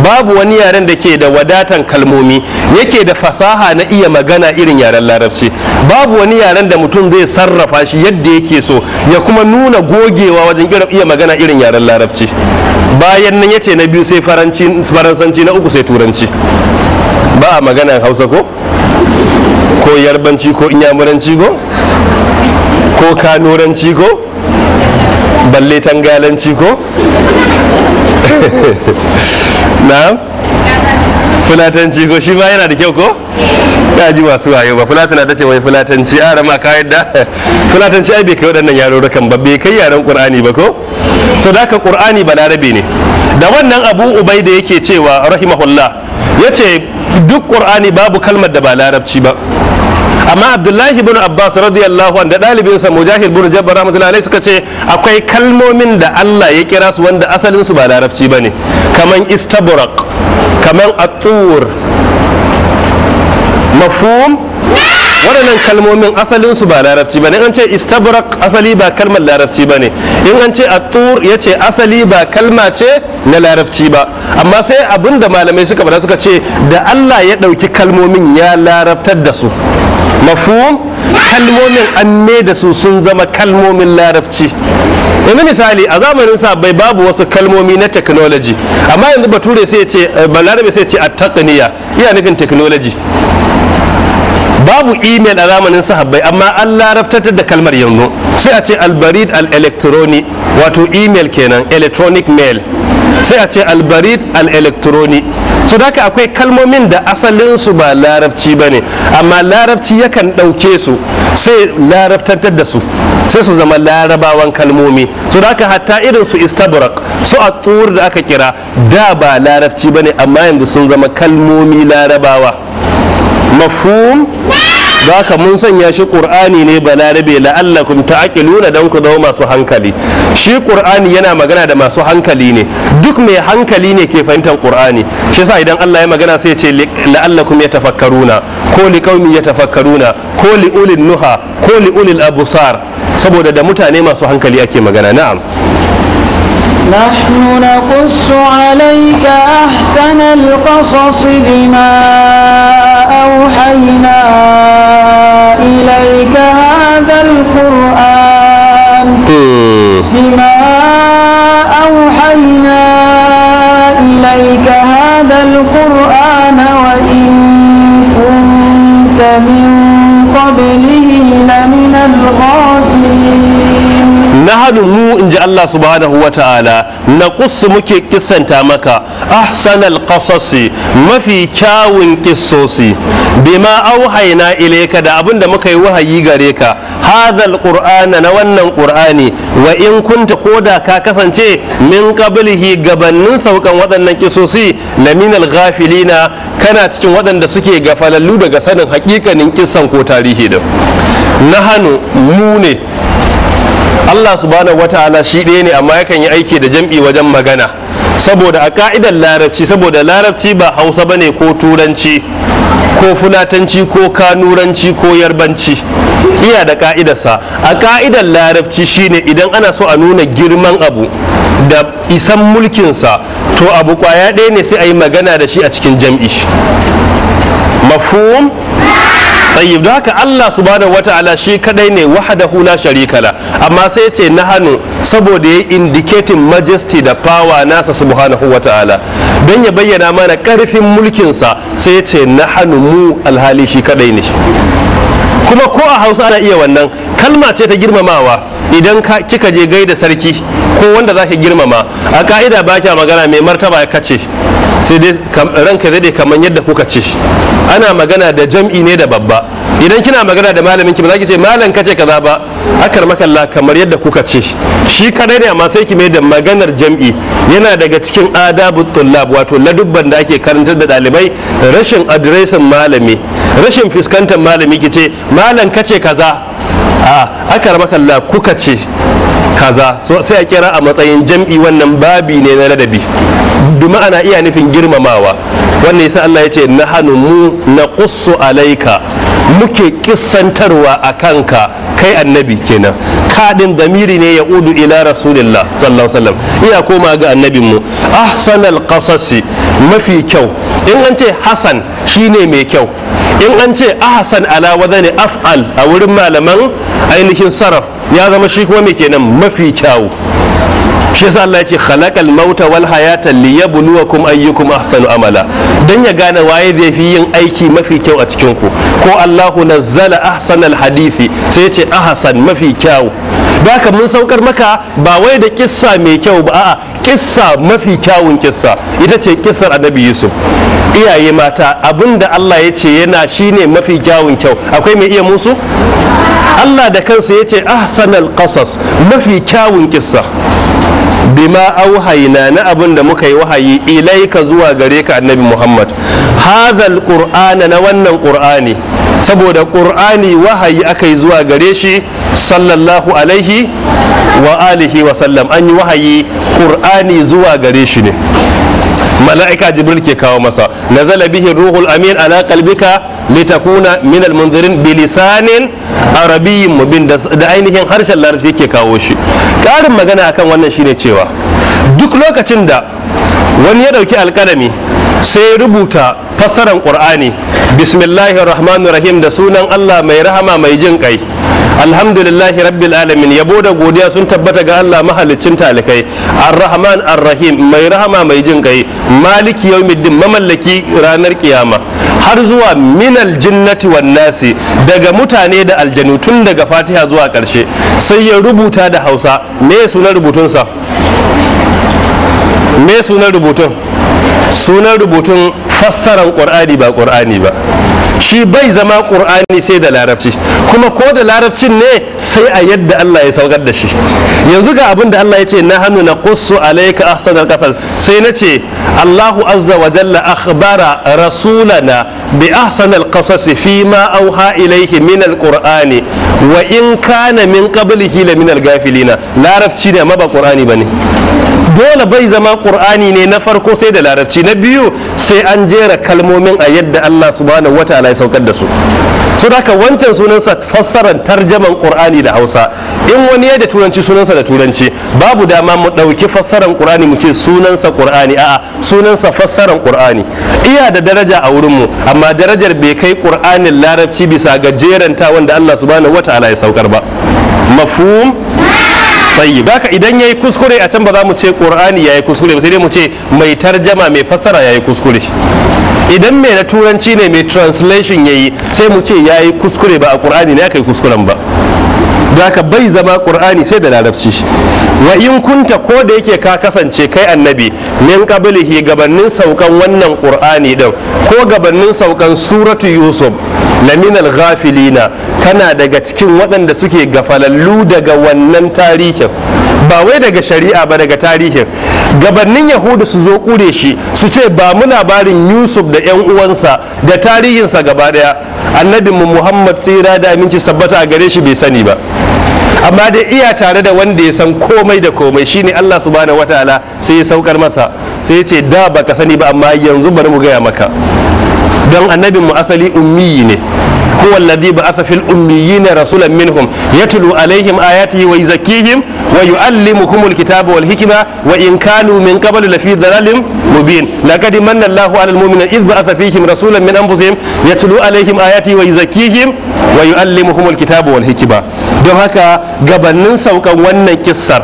babu wani yaren da ke da wadatan kalmomi yake da fasaha na iya magana irin yaren larabci babu wani yaren da mutum zai sarrafa shi yadda yake so ya kuma nuna gogewa wajen iya magana irin yaren larabci bayan nan ya ce na biyu sai faransanci na uku sai turanci ba a maganan hausa ko ko yarbanci ko inyamuranci ko ko kanuranci ko balle tangalanci ko na fulatanci ko shi ma yana da kyau ko ya ji masu wayo ba fulatana ta ce wai fulatanci a rama ka yadda fulatanci ai bai kai waɗannan yarurrukan ba bai kai yaren Kur'ani ba ko so da Kur'ani ba larabe ne da wannan abu ubai da yake cewa rahimahullah yace duk Kur'ani babu kalmar da ba larabci ba amma abdullahi ibn abbas radiyallahu anhu da ɗalibinsa mujahid ibn jabbar rahmatullahi alaihi suka ce akwai kalmomin da Allah ya kira su wanda asalin su ba larabci bane kaman istabraq kaman atur mafhum waɗannan kalmomin asalin su ba larabci bane an ce istabraq asali ba kalmar larabci bane in an ce atur ya ce asali ba kalma ce na larabci ba amma sai abinda malamai suka bada suka ce da Allah ya ɗauki kalmomin ya larabtar da su mafu kalmomin an ne da su sun zama kalmomin larabci yanzu misali a zamanin sa bai babu wasu kalmomi na technology amma yanzu bature sai ce eh, balarabe sai ce a taqniya iya nufin technology babu email a zamanin sahabbai amma an larabtar da kalmar yanzu sai a ce albarid al electronic wato email kenan electronic mail sai a ce albarid al-electroni so da akwai kalmomin da asalin su ba larabci ba ne amma larabci yakan ɗauke su sai larabtar da su sai su zama larabawan kalmomi so da hatta irin su istabrak su a da aka kira da ba larabci ba ne amma yanzu sun zama kalmomi larabawa mafhum za ka mun sanya shi ƙur'ani ne ba balarabe la'allakum ta'aqiluna don ku zama masu hankali shi ƙur'ani yana magana da masu hankali ne duk mai hankali ne ke fahimtar ƙur'ani shi yasa idan Allah ya magana sai ce la'allakum yatafakkaruna ko ya yatafakkaruna ko ulil nuha ko ulil abusar saboda da mutane masu hankali ake magana na'am نحن نقص عليك أحسن القصص بما أوحينا إليك هذا القرآن بما أوحينا إليك هذا القرآن وإن كنت من قبله لمن الغافلين na hannu mu in ji Allah subhanahu wa ta'ala na kusu muke kisanta maka ahsanal kasasi mafi kyawun kissosi bima auhaina ilayka da abinda muka yi wahayi gare ka hadhal qur'ana na wannan qur'ani wa in kunta koda ka kasance min qablihi gabannin saukan waɗannan kisosi laminal ghafilina kana cikin waɗanda suke gafalallu daga sanin hakikanin kissan ko tarihi din nahanu mu ne Allah subhanahu wataala shi ɗaya ne amma yakan yi aiki da jam'i wajen magana saboda a ka'idar larabci saboda larabci ba hausa bane ko turanci ko fulatanci ko kanuranci ko yarbanci iya da ka'idarsa a ka'idar larabci shine idan ana so a nuna girman abu da isan mulkinsa to abu kwaya ɗaya ne sai a yi magana da shi a cikin jam'i mafhum tayyib da haka Allah subhanahu wata'ala shi kadai ne wahdahu la sharika la amma sai ce na hannu saboda ya indicating majesty da power nasa subhanahu wata'ala don ya bayyana mana karfin mulkin sa sai ce na nahanu mu alhali shi kadai ne kuma ko a hausa ana iya wannan kalma ce ta girmamawa idan kika je gaida sarki ko wanda za ki girmama a ka'ida ba kya magana mai martaba ka ce sai dai ranka daɗe kamar yadda kuka ce ana magana da jam'i ne da babba idan kina magana da malamin ki ba za ki ce malam kace kaza ba akar makalla kamar yadda kuka ce shi kadai ne amma sai ki mai da maganar jam'i yana daga cikin adabu tullab wato ladubban da ake karantar da dalibai rashin adresin malami rashin fuskantar malami ki ce malam kace kaza a akar makalla kuka ce kaza so sai a kira a matsayin jam'i wannan babi ne na ladabi duma ana iya nufin girmamawa wannan yasa Allah ya ce nahanu mu naqussu alayka muke kisantarwa a kanka kai annabi kenan kadin damiri ne ya udu ila rasulillah sallallahu alaihi wasallam ina koma ga annabin mu ahsanal qasasi mafi kyau in an ce hasan shine mai kyau in an ce ahsan ala zane af'al a wurin malaman ainihin saraf ya zama shi kuma mai kenan mafi kyau shi yasa Allah ya ce khalaqal mauta wal hayata liyabluwakum ayyukum ahsanu amala dan ya gane waye zai fi yin aiki mafi kyau a cikin ku ko Allahu nazzala ahsanal hadisi sai ya ce ahsan mafi kyau baka mun saukar maka ba wai da kissa mai kyau ba a'a kissa mafi kyawun kissa ita ce kissar annabi yusuf iyaye mata abinda Allah ya ce yana shine mafi kyawun kyau akwai mai iya musu Allah da kansa ya ce ahsanal qasas mafi kyawun kissa bima auhaina na abin da muka yi wahayi ilaika zuwa gare ka annabi Muhammad hadhal qur'ana na wannan qur'ani saboda qur'ani wahayi aka yi zuwa gare shi sallallahu alaihi wa alihi wa sallam an yi wahayi qur'ani zuwa gare shi ne mala'ika jibril ke kawo masa nazala bihi ruhul amin ala qalbika litakuna min munzirin bi lisanin arabiy mubin da ainihin harshen larabci ke kawo shi karin magana akan wannan shine cewa duk lokacin da wani ya dauki alkalami sai rubuta fassarar qur'ani bismillahir rahmanir rahim da sunan Allah mai rahama mai jin kai alhamdulillahi rabbil alamin yabo da godiya sun tabbata ga Allah mahalicin talikai arrahman arrahim mai rahama mai jin kai maliki yawmiddin mamallaki ranar kiyama har zuwa minal jinnati wan nasi daga mutane da aljanu tun daga fatiha zuwa karshe sai ya rubuta da hausa me sunan sa me sunan rubutun sunan rubutun fassaran qur'ani ba qur'ani ba shi bai zama ƙur'ani sai da larabci kuma ko da larabcin ne sai a yadda Allah ya saukar da shi yanzu ga abin da Allah ya ce na hannu na alaika a ahsanal qasas sai na ce Allahu azza wa jalla akhbara rasulana bi ahsanal qasas fi ma auha ilaihi min al-ƙur'ani, wa in kana min qablihi la min na, larabci ne amma ba ne. dole bai zama ƙur'ani ne na farko sai da larabci na biyu sai an jera kalmomin a yadda Allah subhanahu wataala Allah ya saukar da su so haka wancan sunansa fassarar tarjaman qur'ani da hausa in wani ya da turanci sunansa da turanci babu dama mu ɗauki fassaran qur'ani mu ce sunansa qur'ani a'a sunansa fassaran qur'ani iya da daraja a wurin mu amma darajar bai kai qur'anin larabci bisa ga jeranta wanda Allah subhanahu wata'ala ya saukar ba mafhum tayyib ka idan yayi kuskure a can ba za mu ce qur'ani yayi kuskure ba sai dai mu ce mai tarjama mai fassara yayi kuskure idan mai na turanci ne mai translation yayi sai mu ce yayi kuskure ba a qur'ani ne aka yi kuskuren ba zaka ka bai zama qur'ani sai da larabci wa in kunta ko da yake ka kasance kai annabi min qablihi gabanin saukan wannan qur'ani din ko gabanin saukan suratu yusuf laminal alghafilina kana daga cikin waɗanda suke gafalallu daga wannan tarihin ba wai daga shari'a ba daga tarihin gabannin yahudu su zo kure shi su ce ba mu labarin yusuf da 'yan uwansa da tarihinsa gaba daya annabinmu muhammad tsira da aminci sabbata a gare shi bai sani ba amma dai iya tare da wanda ya san komai da komai shine Allah subhanahu wataala sai ya saukar masa sai ya ce da baka sani ba amma yanzu bari mu gaya maka don annabin mu asali ummi ne huwa alladhi ba'atha fil ummiyina rasulan minhum yatlu alaihim ayatihi wa yuzakkihim wa yuallimuhumul kitaba wal hikma wa in kanu min qablu lafi dhalalin mubin laqad manna Allahu 'alal mu'minina idh ba'atha fihim rasulan min anfusihim yatlu alaihim ayatihi wa yuzakkihim wa yuallimuhumul kitaba wal don haka gabanin saukan wannan kissar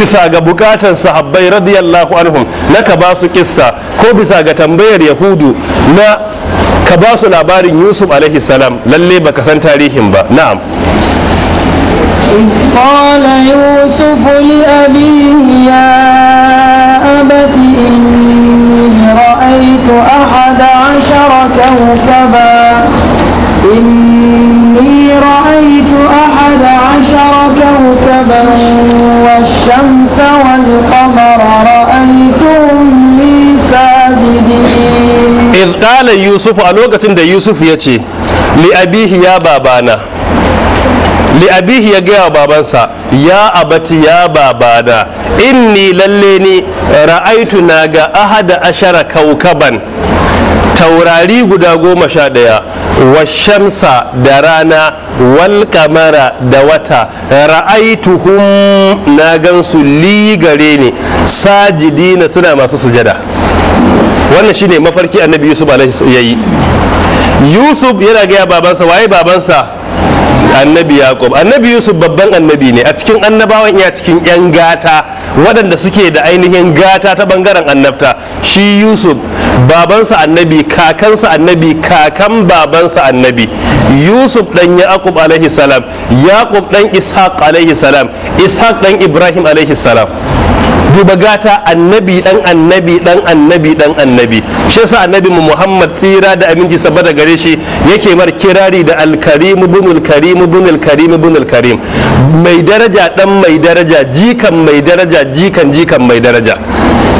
bisa ga bukatan sahabbai radiyallahu anhum na ba su kissa ko bisa ga tambayar yahudu na ka ba su labarin yusuf alaihi salam lalle baka san tarihin ba na'am قال يوسف لأبيه يا أبت إني رأيت أحد عشر كوكبا إني رأيت أحد عشر كوكبا والشمس والقمر iz qala yusuf a lokacin da yusuf ya ce li ya babana li ya gaya babansa ya abati ya babana inni lalle ni ra'aitu na ga ahada ashara kaukaban taurari guda goma sha ɗaya washamsa da rana wal da wata ra'aituhum na gansu li gare ni sajidina suna masu sujada wannan shine mafarki annabi yusuf ya yi yusuf yana gaya babansa waye babansa annabi yaqub annabi yusuf babban annabi ne a cikin annabawan iya cikin yan gata waɗanda suke da ainihin gata ta bangaren annabta shi yusuf babansa annabi kakansa annabi kakan babansa annabi yusuf dan yaqub alaihi salam yaqub dan ishaq alaihi salam ishaq dan ibrahim alaihi salam duba gata annabi dan annabi dan annabi dan annabi shi yasa annabi mu Muhammad tsira da aminci saba da gare shi yake mar kirari da al-karim ibn karim ibn karim ibn karim mai daraja dan mai daraja jikan mai daraja jikan jikan mai daraja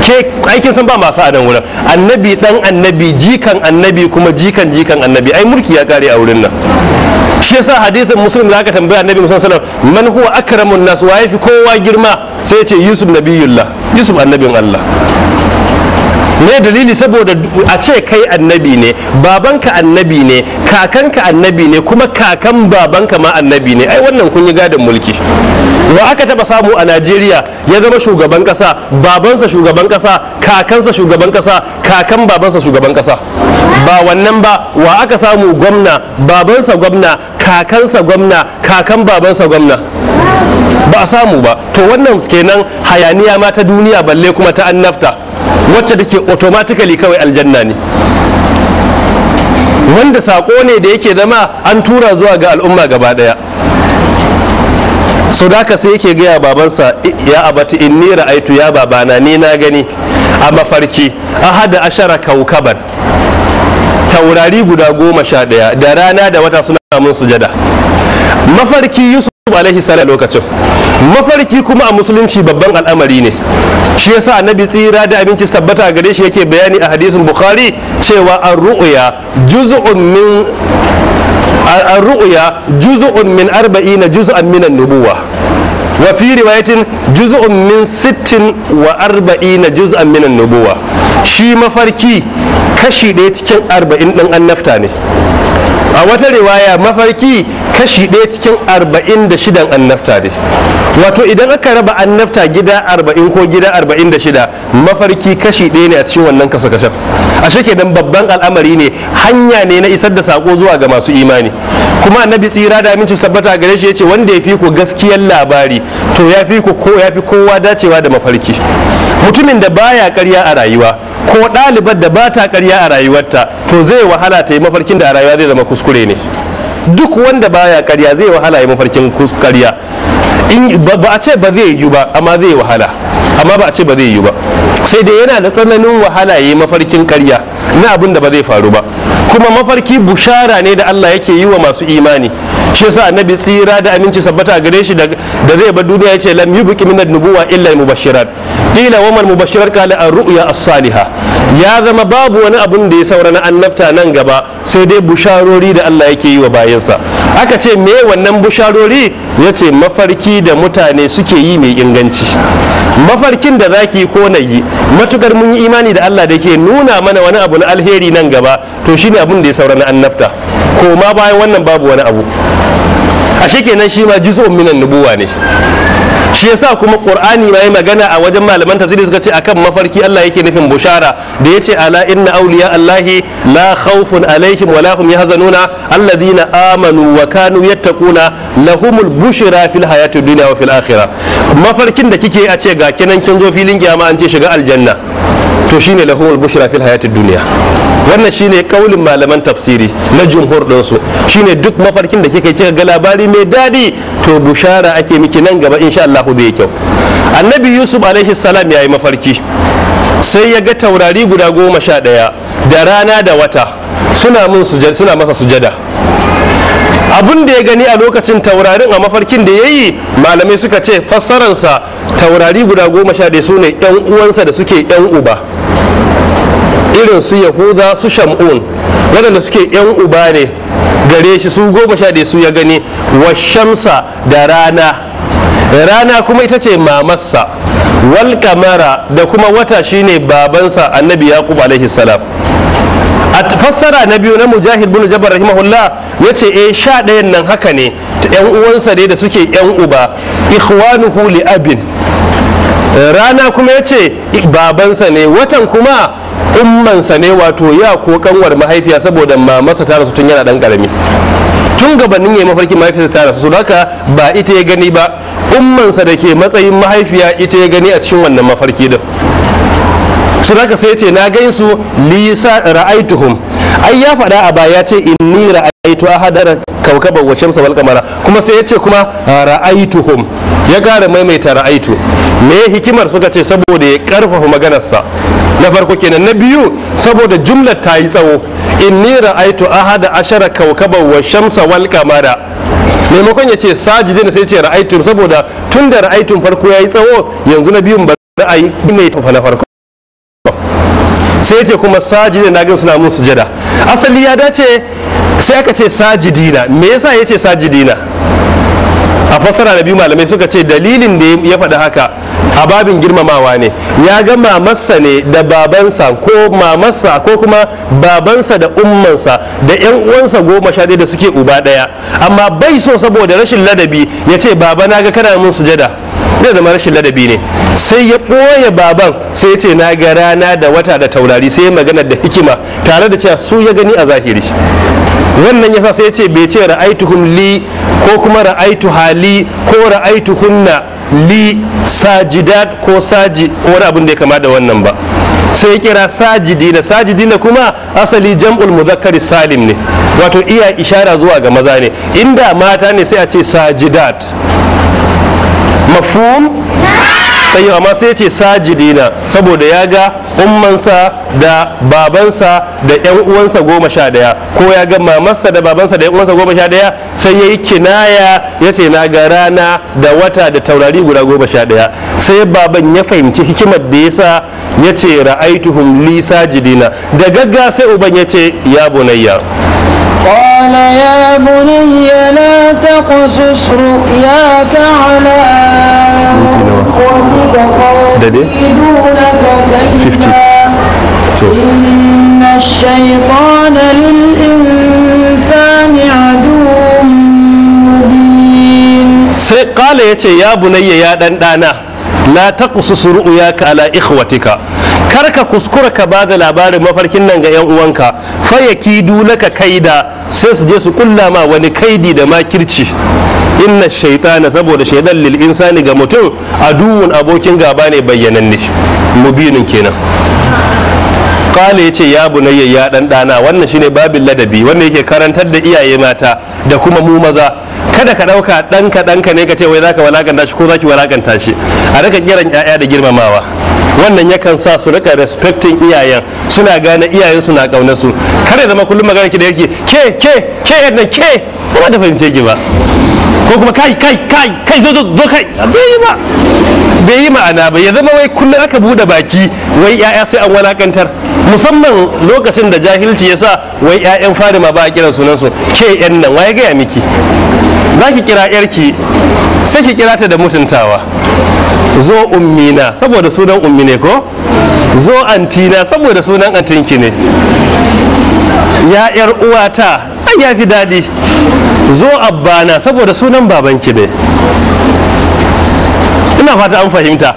ke aikin san ba masu adan wurin annabi dan annabi jikan annabi kuma jikan jikan annabi ai mulki ya kare a wurin nan shi yasa hadithin muslim da aka tambaya annabi musa sallam man huwa akramun nas wa yafi kowa girma sai ya ce yusuf nabiyullah yusuf annabin allah me dalili saboda a ce kai annabi ne babanka annabi ne kakanka annabi ne kuma kakan babanka ma annabi ne ai wannan kun yi gadon mulki wa aka taba samu a najeriya ya zama shugaban kasa babansa shugaban kasa kakansa shugaban kasa kakan babansa shugaban kasa ba wannan ba wa aka samu gwamna babansa gwamna kakansa gwamna kakan babansa gwamna ba a samu ba to wannan kenan hayaniya ma ta duniya balle kuma ta annabta wacce take automatically kawai aljanna ne wanda sako ne da yake zama an tura zuwa ga al'umma gaba daya so da sai yake gaya babansa ya abati inni ra'aitu ya babana ni na gani a mafarki ahada ashara kaukaban taurari guda goma sha ɗaya da rana da wata suna mun sujada mafarki yusuf alaihi salam lokacin mafarki kuma a musulunci babban al'amari ne shi yasa annabi tsira da abinci tabbata a gare shi yake bayani a hadisin bukhari cewa an ru'uya juz'un min an ru'uya juz'un min arba'ina juz'an min nubuwa wa fi riwayatin juz'un min sittin wa arba'ina juz'an minan nubuwa shi mafarki kashi ɗaya cikin arba'in ɗin annafta ne a wata riwaya mafarki kashi ɗaya cikin arba'in da shidan annafta ne wato idan aka raba annafta gida arba'in ko gida arba'in da shida mafarki kashi ɗaya ne a cikin wannan kasa kashen a shi kenan babban al'amari ne hanya ne na isar da sako zuwa ga masu imani kuma annabi tsira da aminci sabbata gare shi yace wanda ya fi ku gaskiyar labari to ya fi ku ko ya fi kowa dacewa da mafarki mutumin da baya karya a rayuwa ko ɗalibar da bata karya a rayuwarta to zai wahala ta yi mafarkin da a rayuwa zai zama kuskure ne duk wanda baya karya zai wahala ya mafarkin karya ba a ce ba zai yi ba amma zai wahala amma ba a ce ba zai yi ba sai dai yana da tsananin wahala yi mafarkin karya na abin da ba zai faru ba kuma mafarki bushara ne da Allah yake yi wa masu imani shi yasa annabi tsira da aminci sabbata gare shi da zai ba duniya ya ce lam yi min an-nubuwa illa al-mubashirat qila wa man mubashirat qala ar-ru'ya as-salihah ya zama babu wani abun da ya saura na annabta nan gaba sai dai busharori da Allah yake yi wa bayansa aka ce me wannan busharori ya ce mafarki da mutane suke yi mai inganci mafarkin da za ki ko na yi matukar mun yi imani da Allah da ke nuna mana wani abu na alheri nan gaba to shine abun da ya saura na annabta ko ma bayan wannan babu wani abu ashe kenan shi ma jizo minan nubuwa ne shi yasa kuma qur'ani ma yi magana a wajen malaman tafsiri suka ce akan mafarki Allah yake nufin bushara da yace ala inna awliya allahi la khawfun alaihim wa la hum yahzanuna alladhina amanu wa kanu yattaquna lahumul bushra fil hayatid dunya wa fil akhirah mafarkin da kike a ce ga kinan kin zo filin kiyama an ce shiga aljanna to shine lahumul bushra fil hayatid dunya wannan shine kaulin malaman tafsiri na jumhur din su shine duk mafarkin da kike kika ga labari mai dadi to bushara ake miki nan gaba insha Allah abu bai kyau annabi yusuf alaihi salam ya yi mafarki sai ya ga taurari guda goma sha ɗaya da rana da wata suna masa sujada abun da ya gani a lokacin taurarin a mafarkin da ya yi malamai suka ce fassararsa taurari guda goma sha ɗaya su ne yan uwansa da suke yan uba irin su yahuda su shamun waɗanda suke yan uba ne gare shi su goma sha ɗaya su ya gani wa shamsa da rana rana kuma ita ce mamarsa wal kamara da kuma wata shine babansa annabi yaqub alaihi salam a fassara na biyu na mujahid bin jabar rahimahullah yace ce eh sha ɗayan nan haka ne yan uwansa ne da suke yan uba ikhwanuhu li abin rana kuma ya ce babansa ne watan kuma ummansa ne wato ya ko kanwar mahaifiya saboda mamarsa ta rasu tun yana dan karami tun gabanin ya mafarki mahaifiyarsa ta rasu haka ba ita ya gani ba ummansa da ke matsayin mahaifiya ita ya gani a cikin wannan mafarki din su haka sai ce na gaisu lisa ra'aituhum ai ya faɗa a baya ce inni ra'aitu ahadara kaukaban wa shamsa wal qamara kuma sai ya ce kuma ra'aituhum ya gara maimaita ra'aitu me hikimar suka ce saboda ya karfafa maganarsa na farko kenan na biyu saboda jumlar ta yi tsawo inni ra'aitu ahada ashara kaukaban wa shamsa wal qamara maimakon ya ce sajidin sai ce ra'aitu saboda tun da farko ya yi tsawo yanzu na biyun ba ra'ayi ne ta na farko sai ce kuma sajidin na gan suna mun sujada asali ya dace sai aka ce sajidina me yasa ya ce sajidina a fassara da biyu malamai suka ce dalilin da ya faɗi haka a babin girmamawa ne ya ga mamarsa ne da babansa ko mamarsa ko kuma babansa da ummansa da yan uwansa goma sha da suke uba ɗaya amma bai so saboda rashin ladabi ya ce baba na ga kana mun sujada zai zama rashin ladabi ne sai ya ɓoye baban sai ce na ga rana da wata da taurari sai magana da hikima tare da cewa su ya gani a zahiri wannan yasa sai ce bai ce ra'aituhum li ko kuma ra'aitu hali ko ra'aituhunna li sajidat ko saji ko wani abin da ya kama da wannan ba sai ya kira sajidina sajidina kuma asali jam'ul muzakkari salim ne wato iya ishara zuwa ga maza ne inda mata ne sai a ce sajidat mafum tayyib amma sai ce sajidina saboda ya ga ummansa da babansa da yan uwansa goma sha daya ko ya ga mamarsa da babansa da yan uwansa goma sha daya sai ya yi kinaya ya ce na ga rana da wata da taurari guda goma sha daya sai baban ya fahimci hikimar da ya sa ya ce ra'aituhum li sajidina da gagga sai uban ya ce ya bunayya قال يا بني لا تقصص رؤياك على إن الشيطان للإنسان عدو مبين. قال يا بني يا دندانا لا تقصص رؤياك على إخوتك. kar ka kuskura ka ba da labarin mafarkin nan ga 'yan uwanka fayyaki dulaka kaida sai su je su kulla ma wani kaidi da makirci inna shaitana saboda shaidan lil insani ga mutum aduwun abokin gaba ne bayyananne mubinin kenan kwale ya ce ya bunayya ya dan dana wannan shine babin ladabi wanda yake karantar da iyaye mata da kuma mu maza kada ka dauka danka danka ne ka ce wai zaka walakanta shi ko zaki walakanta shi a rika kiran yaya da girmamawa wannan yakan sa su rika respecting iyayen suna gane iyayen suna kauna su kada zama kullum magana ki da yake ke ke ke yadda ke ba da fahimce ki ba ko kuma kai kai kai kai zo zo kai bai yi ba bai yi ma'ana ba ya zama wai kullum aka bude baki wai yaya sai an walakantar musamman lokacin da jahilci ya sa wai 'ya'yan fadima ba a kiran sunansu ke 'yan nan waye gaya miki za ki kira yarki sai ki kira ta da mutuntawa zo ummina saboda sunan ummi ne ko zo antina saboda sunan antinki ne ya yar uwata an ya fi daɗi zo abbana saboda sunan babanki ne ina fata an fahimta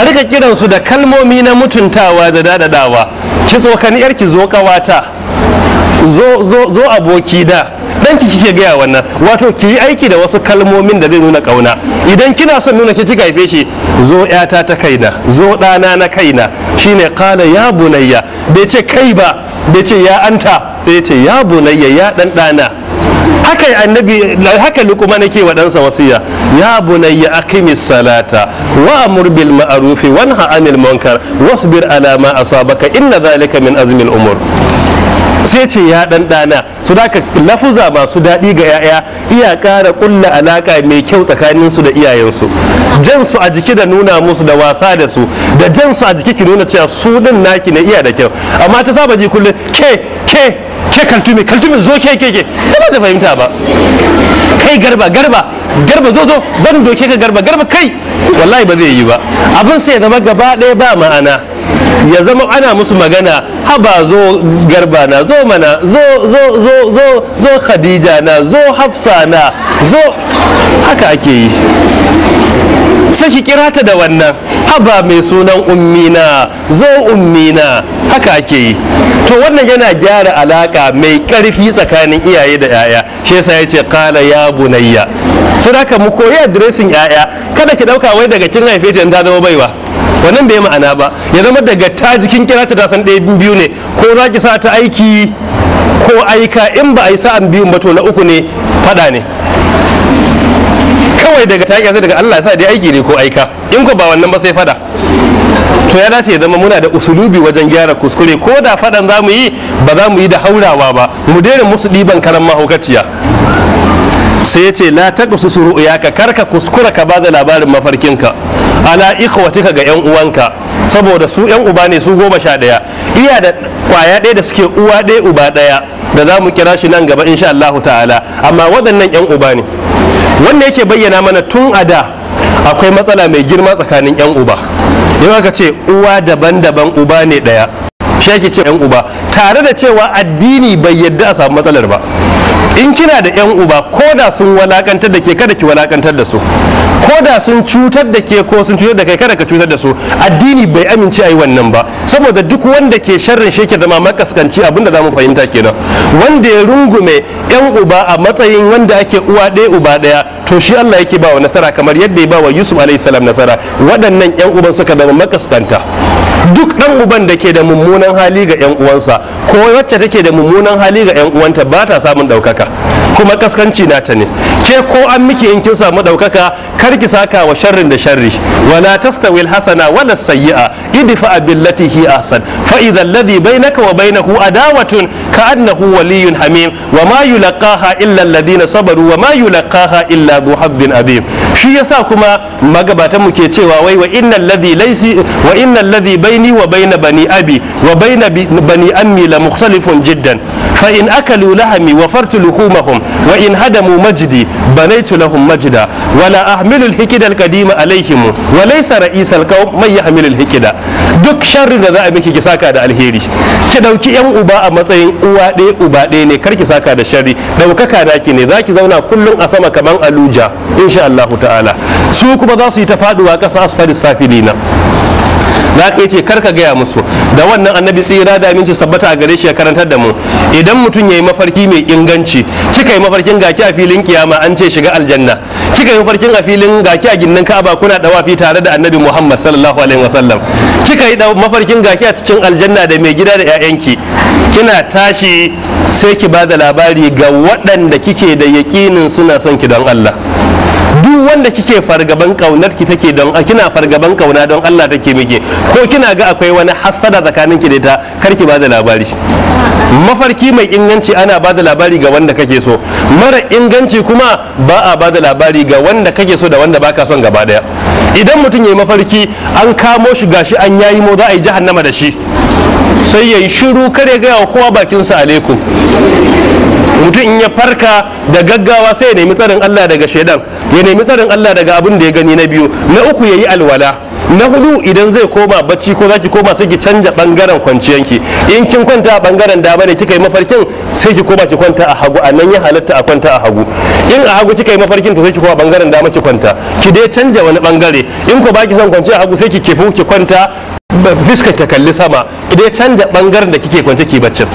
a rika kiransu da kalmomi na mutuntawa da daɗaɗawa ki tsokani yarki zo kawata zo aboki da. dan ki kike gaya wannan wato ki yi aiki da wasu kalmomin da zai nuna kauna idan kina son nuna ki cika haife shi zo yata ta kaina zo ɗana na kaina shine kala ya bunayya bai ce kai ba bai ce ya anta sai ya ce ya bunayya ya dan ɗana haka annabi haka lukuma nake wa ɗansa wasiya ya bunayya aqimis salata wa amur bil ma'ruf wa anha anil munkar wasbir ala ma asabaka inna dhalika min azmil umur sai ce ya dana su da ka lafuza masu daɗi ga 'ya'ya iya ƙara ƙulla alaƙa mai kyau tsakanin su da iyayensu jan su a jiki da nuna musu da wasa da su da jan su a jiki ki nuna cewa su din naki na iya da kyau amma ta saba ji kullum ke ke ke kaltume kaltume zo ke ke ke ba da fahimta ba kai garba garba garba zo zo zan doke ka garba garba kai wallahi ba zai yi ba abin sai ya zama gaba ɗaya ba ma'ana ya zama ana musu magana haba zo garba na zo mana zo zo zo zo zo khadija na zo hafsa na zo haka ake yi ki kira ta da wannan haba mai sunan ummina zo ummina haka ake yi to wannan yana gyara alaka mai karfi tsakanin iyaye da 'ya'ya shi yasa ya ce kala ya bunayya sai mu koyi adiresin 'ya'ya kada ki dauka wai daga kin haife ta ta zama baiwa wannan bai ma'ana ba ya zama daga ta jikin kira ta san ɗaya biyu ne ko za ki sa ta aiki ko aika in ba a yi sa'an biyun ba to na uku ne fada ne kawai daga ta yasa daga Allah sa dai aiki ne ko aika in ko ba wannan ba sai fada to ya dace ya zama muna da usulubi wajen gyara kuskure ko da fadan za mu yi ba za mu yi da haurawa ba mu daina musu ɗiban karan mahaukaciya sai ya ce la su ya ka karka kuskura ka bada labarin mafarkinka ala ikhwatika ga yan uwanka saboda su yan uba ne su goma sha daya iya da kwaya ɗaya da suke uwa ɗaya uba ɗaya da za mu kira shi nan gaba insha Allah ta'ala amma waɗannan yan uba ne wanda yake bayyana mana tun a da akwai matsala mai girma tsakanin yan uba yau aka ce uwa daban-daban uba ne ɗaya shi ake ce yan uba tare da cewa addini bai yadda a samu matsalar ba in kina da yan uba ko da sun walakantar da ke kada ki walakantar da su ko da sun cutar da ke ko sun cutar da kai kada ka cutar da su addini bai amince a yi wannan ba saboda duk wanda ke sharrin shi ke zama makaskanci abinda za mu fahimta kenan wanda ya rungume yan uba a matsayin wanda ake uwa ɗaya uba ɗaya to shi Allah yake ba wa nasara kamar yadda ya ba wa Yusuf alaihi salam nasara waɗannan yan uban suka zama makaskanta duk ɗan uban da ke da mummunan hali ga yan uwansa ko wacce take da mummunan hali ga yan uwanta ba ta samun ɗaukaka. kuma kaskanci na ta ne ke ko an miki in kin samu ɗaukaka? kar ki saka wa sharrin da sharri wala tastawil hasana wala sayyi'a idfa billati hi ahsan fa idha alladhi bainaka wa bainahu adawatun ka annahu waliyyun hamim wa ma yulaqaha illa alladhina sabaru wa ma yulaqaha illa dhu abim shi yasa kuma magabatan mu ke cewa wai wa innal ladhi laysi wa innal ladhi baini wa baina bani abi wa baina bani ammi la mukhtalifun jiddan fa in akalu lahami wa fartu luhumahum wa in hadamu majdi banaitu lahum majda wala ahmilu alhikida alqadima alaihim wa laysa ra'is alqawm man yahmilu alhikida duk sharrin da za a miki ki saka da alheri ki dauki yan uba a matsayin uwa ɗaya uba ɗaya ne kar ki saka da sharri daukaka daki ne zaki zauna kullum a sama kaman aluja insha Allah ta'ala su kuma za su yi ta faduwa ƙasa asfalis safilina da ka ce kar ka gaya musu da wannan annabi tsira da minci sabbata a gare shi ya karantar da mu idan mutum ya yi mafarki mai inganci kika yi mafarkin gaki a filin kiyama an ce shiga aljanna kika yi mafarkin a filin gaki a ginnan ka'aba kuna dawafi tare da annabi muhammad sallallahu alaihi wasallam kika yi mafarkin gaki a cikin aljanna da mai gida da 'ya'yanki kina tashi sai ki ba da labari ga waɗanda kike da yaƙinin suna son ki don allah duk wanda kike fargaban kaunar ki take don kina fargaban kauna don Allah take miki ko kina ga akwai wani hassada tsakanin ki da ta kar ki bada labari mafarki mai inganci ana bada labari ga wanda kake so mara inganci kuma ba a bada labari ga wanda kake so da wanda baka son gaba daya idan mutum yayi mafarki an kamo shi gashi an yayi mo za a yi jahannama da shi sai ya yi shiru kare gaya wa kowa bakinsa alaikum mutum in ya farka da gaggawa sai ya nemi tsarin Allah daga shaidan ya nemi tsarin Allah daga abin da ya gani na biyu na uku ya yi alwala na hudu idan zai koma bacci ko zaki koma sai ki canja bangaren kwanciyanki in kin kwanta a bangaren dama ne kika yi mafarkin sai ki koma ki kwanta a hagu a nan ya halatta a kwanta a hagu in a hagu kika yi mafarkin to sai ki koma bangaren dama ki kwanta ki dai canja wani bangare in ko baki son kwanci a hagu sai ki kefu ki kwanta fiskar ta kalli sama idan ya canja bangaren da kike kwance ke baccin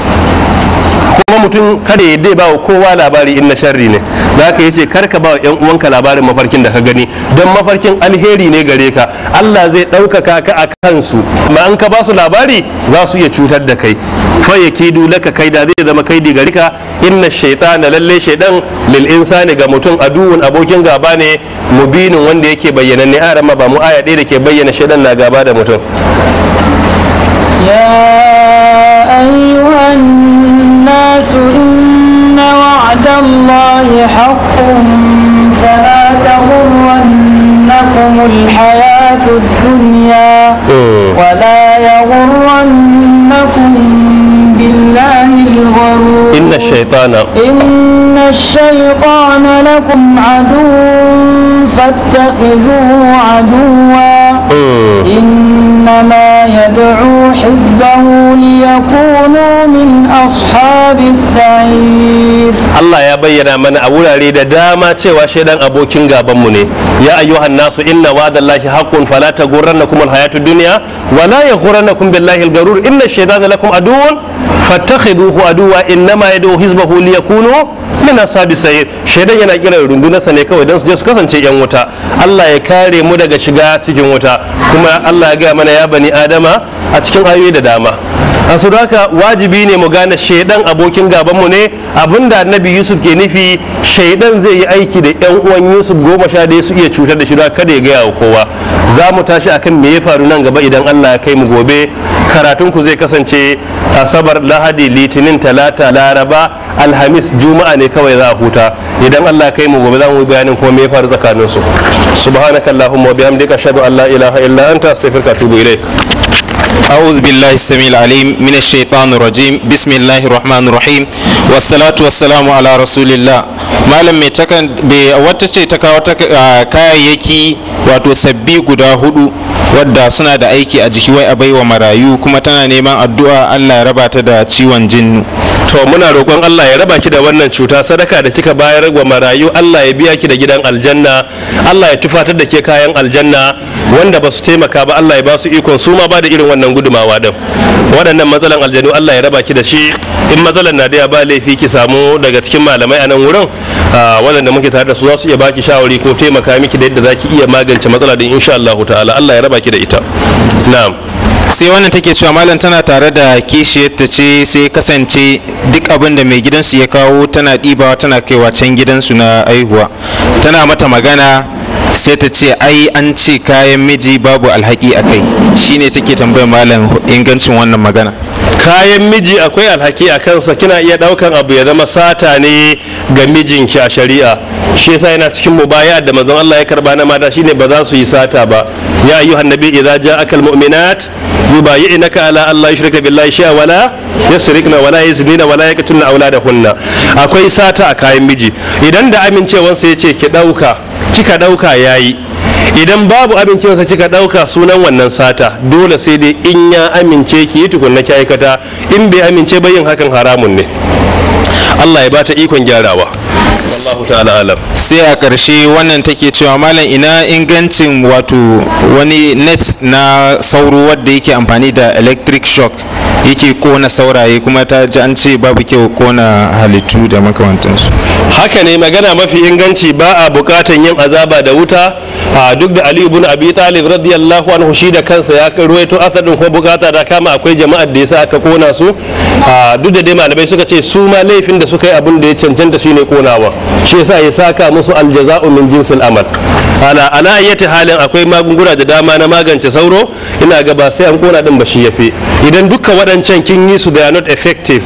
kuma mutum kada ya dai bawa kowa labari in na sharri ne za ka yace kar ka bawa yan uwanka labarin mafarkin da ka gani don mafarkin alheri ne gare ka Allah zai ɗaukaka ka a kansu amma an ka ba su labari za su iya cutar da kai fa yakidu laka kaida zai zama kaidi gare ka inna shaytana lalle shaydan lil insani ga mutum aduwun abokin gaba ne mubinin wanda yake bayyana ne a ba mu aya ɗaya da ke bayyana shaydan na gaba da mutum يا أيها الناس إن وعد الله حق فلا تغرنكم الحياة الدنيا ولا يغرنكم بالله الغرور إن الشيطان إن الشيطان لكم عدو فاتخذوه عدوا إن إنما يدعو حزبه ليكونوا من أصحاب السعير الله يا بينا من أولا ريد داما تشوى شيئا أبو كينغا بمني يا أيها الناس إن وعد الله حق فلا تغرنكم الحياة الدنيا ولا يغرنكم بالله الغرور إن الشيطان لكم عدو fattakhiduhu aduwa innama yadu hizbahu liyakunu min ashabi sayir shaidan yana kira rundunarsa ne kawai don su je su kasance yan wuta Allah ya kare mu daga shiga cikin wuta kuma Allah ya gaya mana ya bani adama a cikin ayoyi da dama a su haka wajibi ne mu gane shaidan abokin gabanmu ne abinda annabi yusuf ke nufi shaidan zai yi aiki da yan uwan yusuf goma sha ɗaya su iya cutar da shi da kada ya gaya wa kowa za mu tashi akan me ya faru nan gaba idan allah ya kai mu gobe karatun ku zai kasance asabar lahadi litinin talata laraba alhamis juma'a ne kawai za a huta idan allah ya kai mu gobe za mu yi bayanin ko me ya faru tsakanin su subhanakallahumma wa bihamdika ashhadu an la ilaha illa anta astaghfiruka wa atubu ilaik أعوذ بالله السميع العليم من الشيطان الرجيم بسم الله wata ce kayayyaki wato sabbi guda hudu wadda suna da aiki a jiki wai a baiwa marayu kuma tana neman addu'a Allah ya raba ta da ciwon jinnu to muna roƙon Allah ya raba ki da wannan cuta sadaka da kika bayar wa marayu Allah ya biya ki da gidan aljanna Allah ya tufatar da ke kayan aljanna wanda ba su taimaka ba Allah ya ba su ikon su ma ba da irin wannan gudumawa din waɗannan matsalan aljanu Allah ya raba ki da shi in matsalan na da ba laifi ki samu daga cikin malamai a nan wurin waɗanda muke tare da su za su iya baki shawari ko taimaka miki da yadda za ki iya magance matsala din insha Allah ta'ala Allah ya raba ki da ita na'am sai wannan take cewa malam tana tare da ta ce sai kasance duk abin da mai gidansu ya kawo tana ɗibawa tana kaiwa can gidansu na aihuwa tana mata magana sai ta ce ai an ce kayan miji babu alhaki a kai ne take tambayar malam ingancin wannan magana kayan miji akwai alhaki a kansa kina iya daukan abu ya zama sata ne ga mijinki a shari'a shi yasa yana cikin baya da manzon Allah ya karba na mata shine ba za su yi sata ba ya ayyuhan nabi idza ja'akal mu'minat inaka ala Allah ya shirka billahi shay'a wala ya shirka wala ya yaznina wala ya da hunna akwai sata a kayan miji idan da amincewansa yace ki dauka kika dauka yayi idan babu sai kika ɗauka sunan wannan sata dole sai dai in ya amince ki yi tukunna ki aikata in bai amince ba yin hakan haramun ne Allah ya bata ikon gyarawa sai a ƙarshe wannan take cewa malam ina ingancin wato wani net na sauro wadda yake amfani da electric shock yake kona sauraye kuma ta ji an ce babu kyau kona halittu da makamantansu haka ne magana mafi inganci ba a bukatan yin azaba da wuta a duk da ali ibn abi talib radiyallahu anhu shi da kansa ya ruwaito asadin ko bukata da kama akwai jama'ar da yasa aka kona su a duk da dai malamai suka ce su ma laifin da suka yi abin da ya cancanta shine konawa shi yasa ya saka musu aljaza'u min jinsil amal ala ala halin akwai magunguna da dama na magance sauro ina ga ba sai an kona din ba shi fi idan duka waɗancan kin yi su they are not effective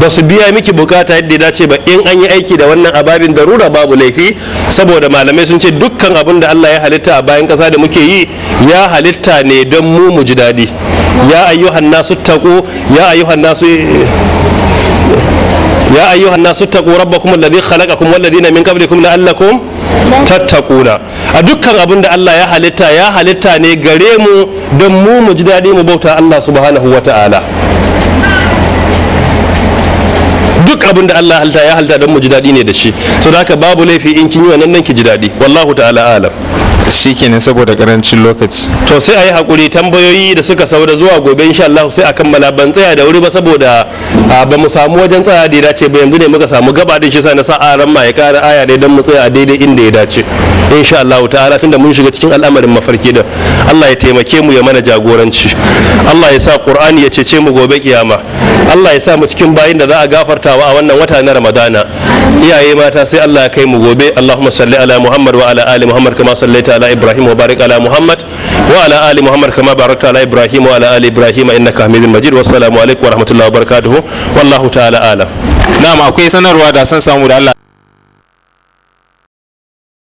ba su biya miki bukata yadda ya dace ba in an yi aiki da wannan ababin darura babu laifi saboda malamai sun ce dukkan abin da Allah ya halitta a bayan kasa da muke yi ya halitta ne don mu mu ji daɗi ya ayyuhan nasu taƙo ya ayyuhan nasu ya an nasu taqu rabbakum alladhi khalaqakum walladhina min qablikum la'allakum tattaquna a dukkan abin da Allah ya halitta ya halitta ne gare mu don mu mu ji daɗi mu bauta Allah subhanahu wa ta'ala duk abin da Allah halitta ya halitta don mu ji daɗi ne da shi so da haka babu laifi in kin yi wannan ki ji daɗi wallahu ta'ala alam shi kenan saboda karancin lokaci to sai a yi hakuri tambayoyi da suka saura zuwa gobe insha Allah sai a kammala ban tsaya da wuri ba saboda ba mu samu wajen tsaya da ya dace ba yanzu ne muka samu gaba da shi sa sa'a ran ma ya kara aya da don mu tsaya a daidai inda ya dace insha Allah ta'ala tunda mun shiga cikin al'amarin mafarki da Allah ya taimake mu ya mana jagoranci Allah ya sa Qur'ani ya cece mu gobe kiyama Allah ya sa mu cikin bayin da za a gafartawa a wannan wata na Ramadana iyaye mata sai Allah ya kai mu gobe Allahumma salli ala Muhammad wa ala ali Muhammad kama sallaita ala Ibrahim wa barik ala Muhammad wa ala ali Muhammad kama barakta ala Ibrahim wa ala ali Ibrahim innaka Hamidul Majid wassalamu alaikum wa rahmatullahi wa barakatuh wallahu ta'ala alam na'am akwai sanarwa da san samu da Allah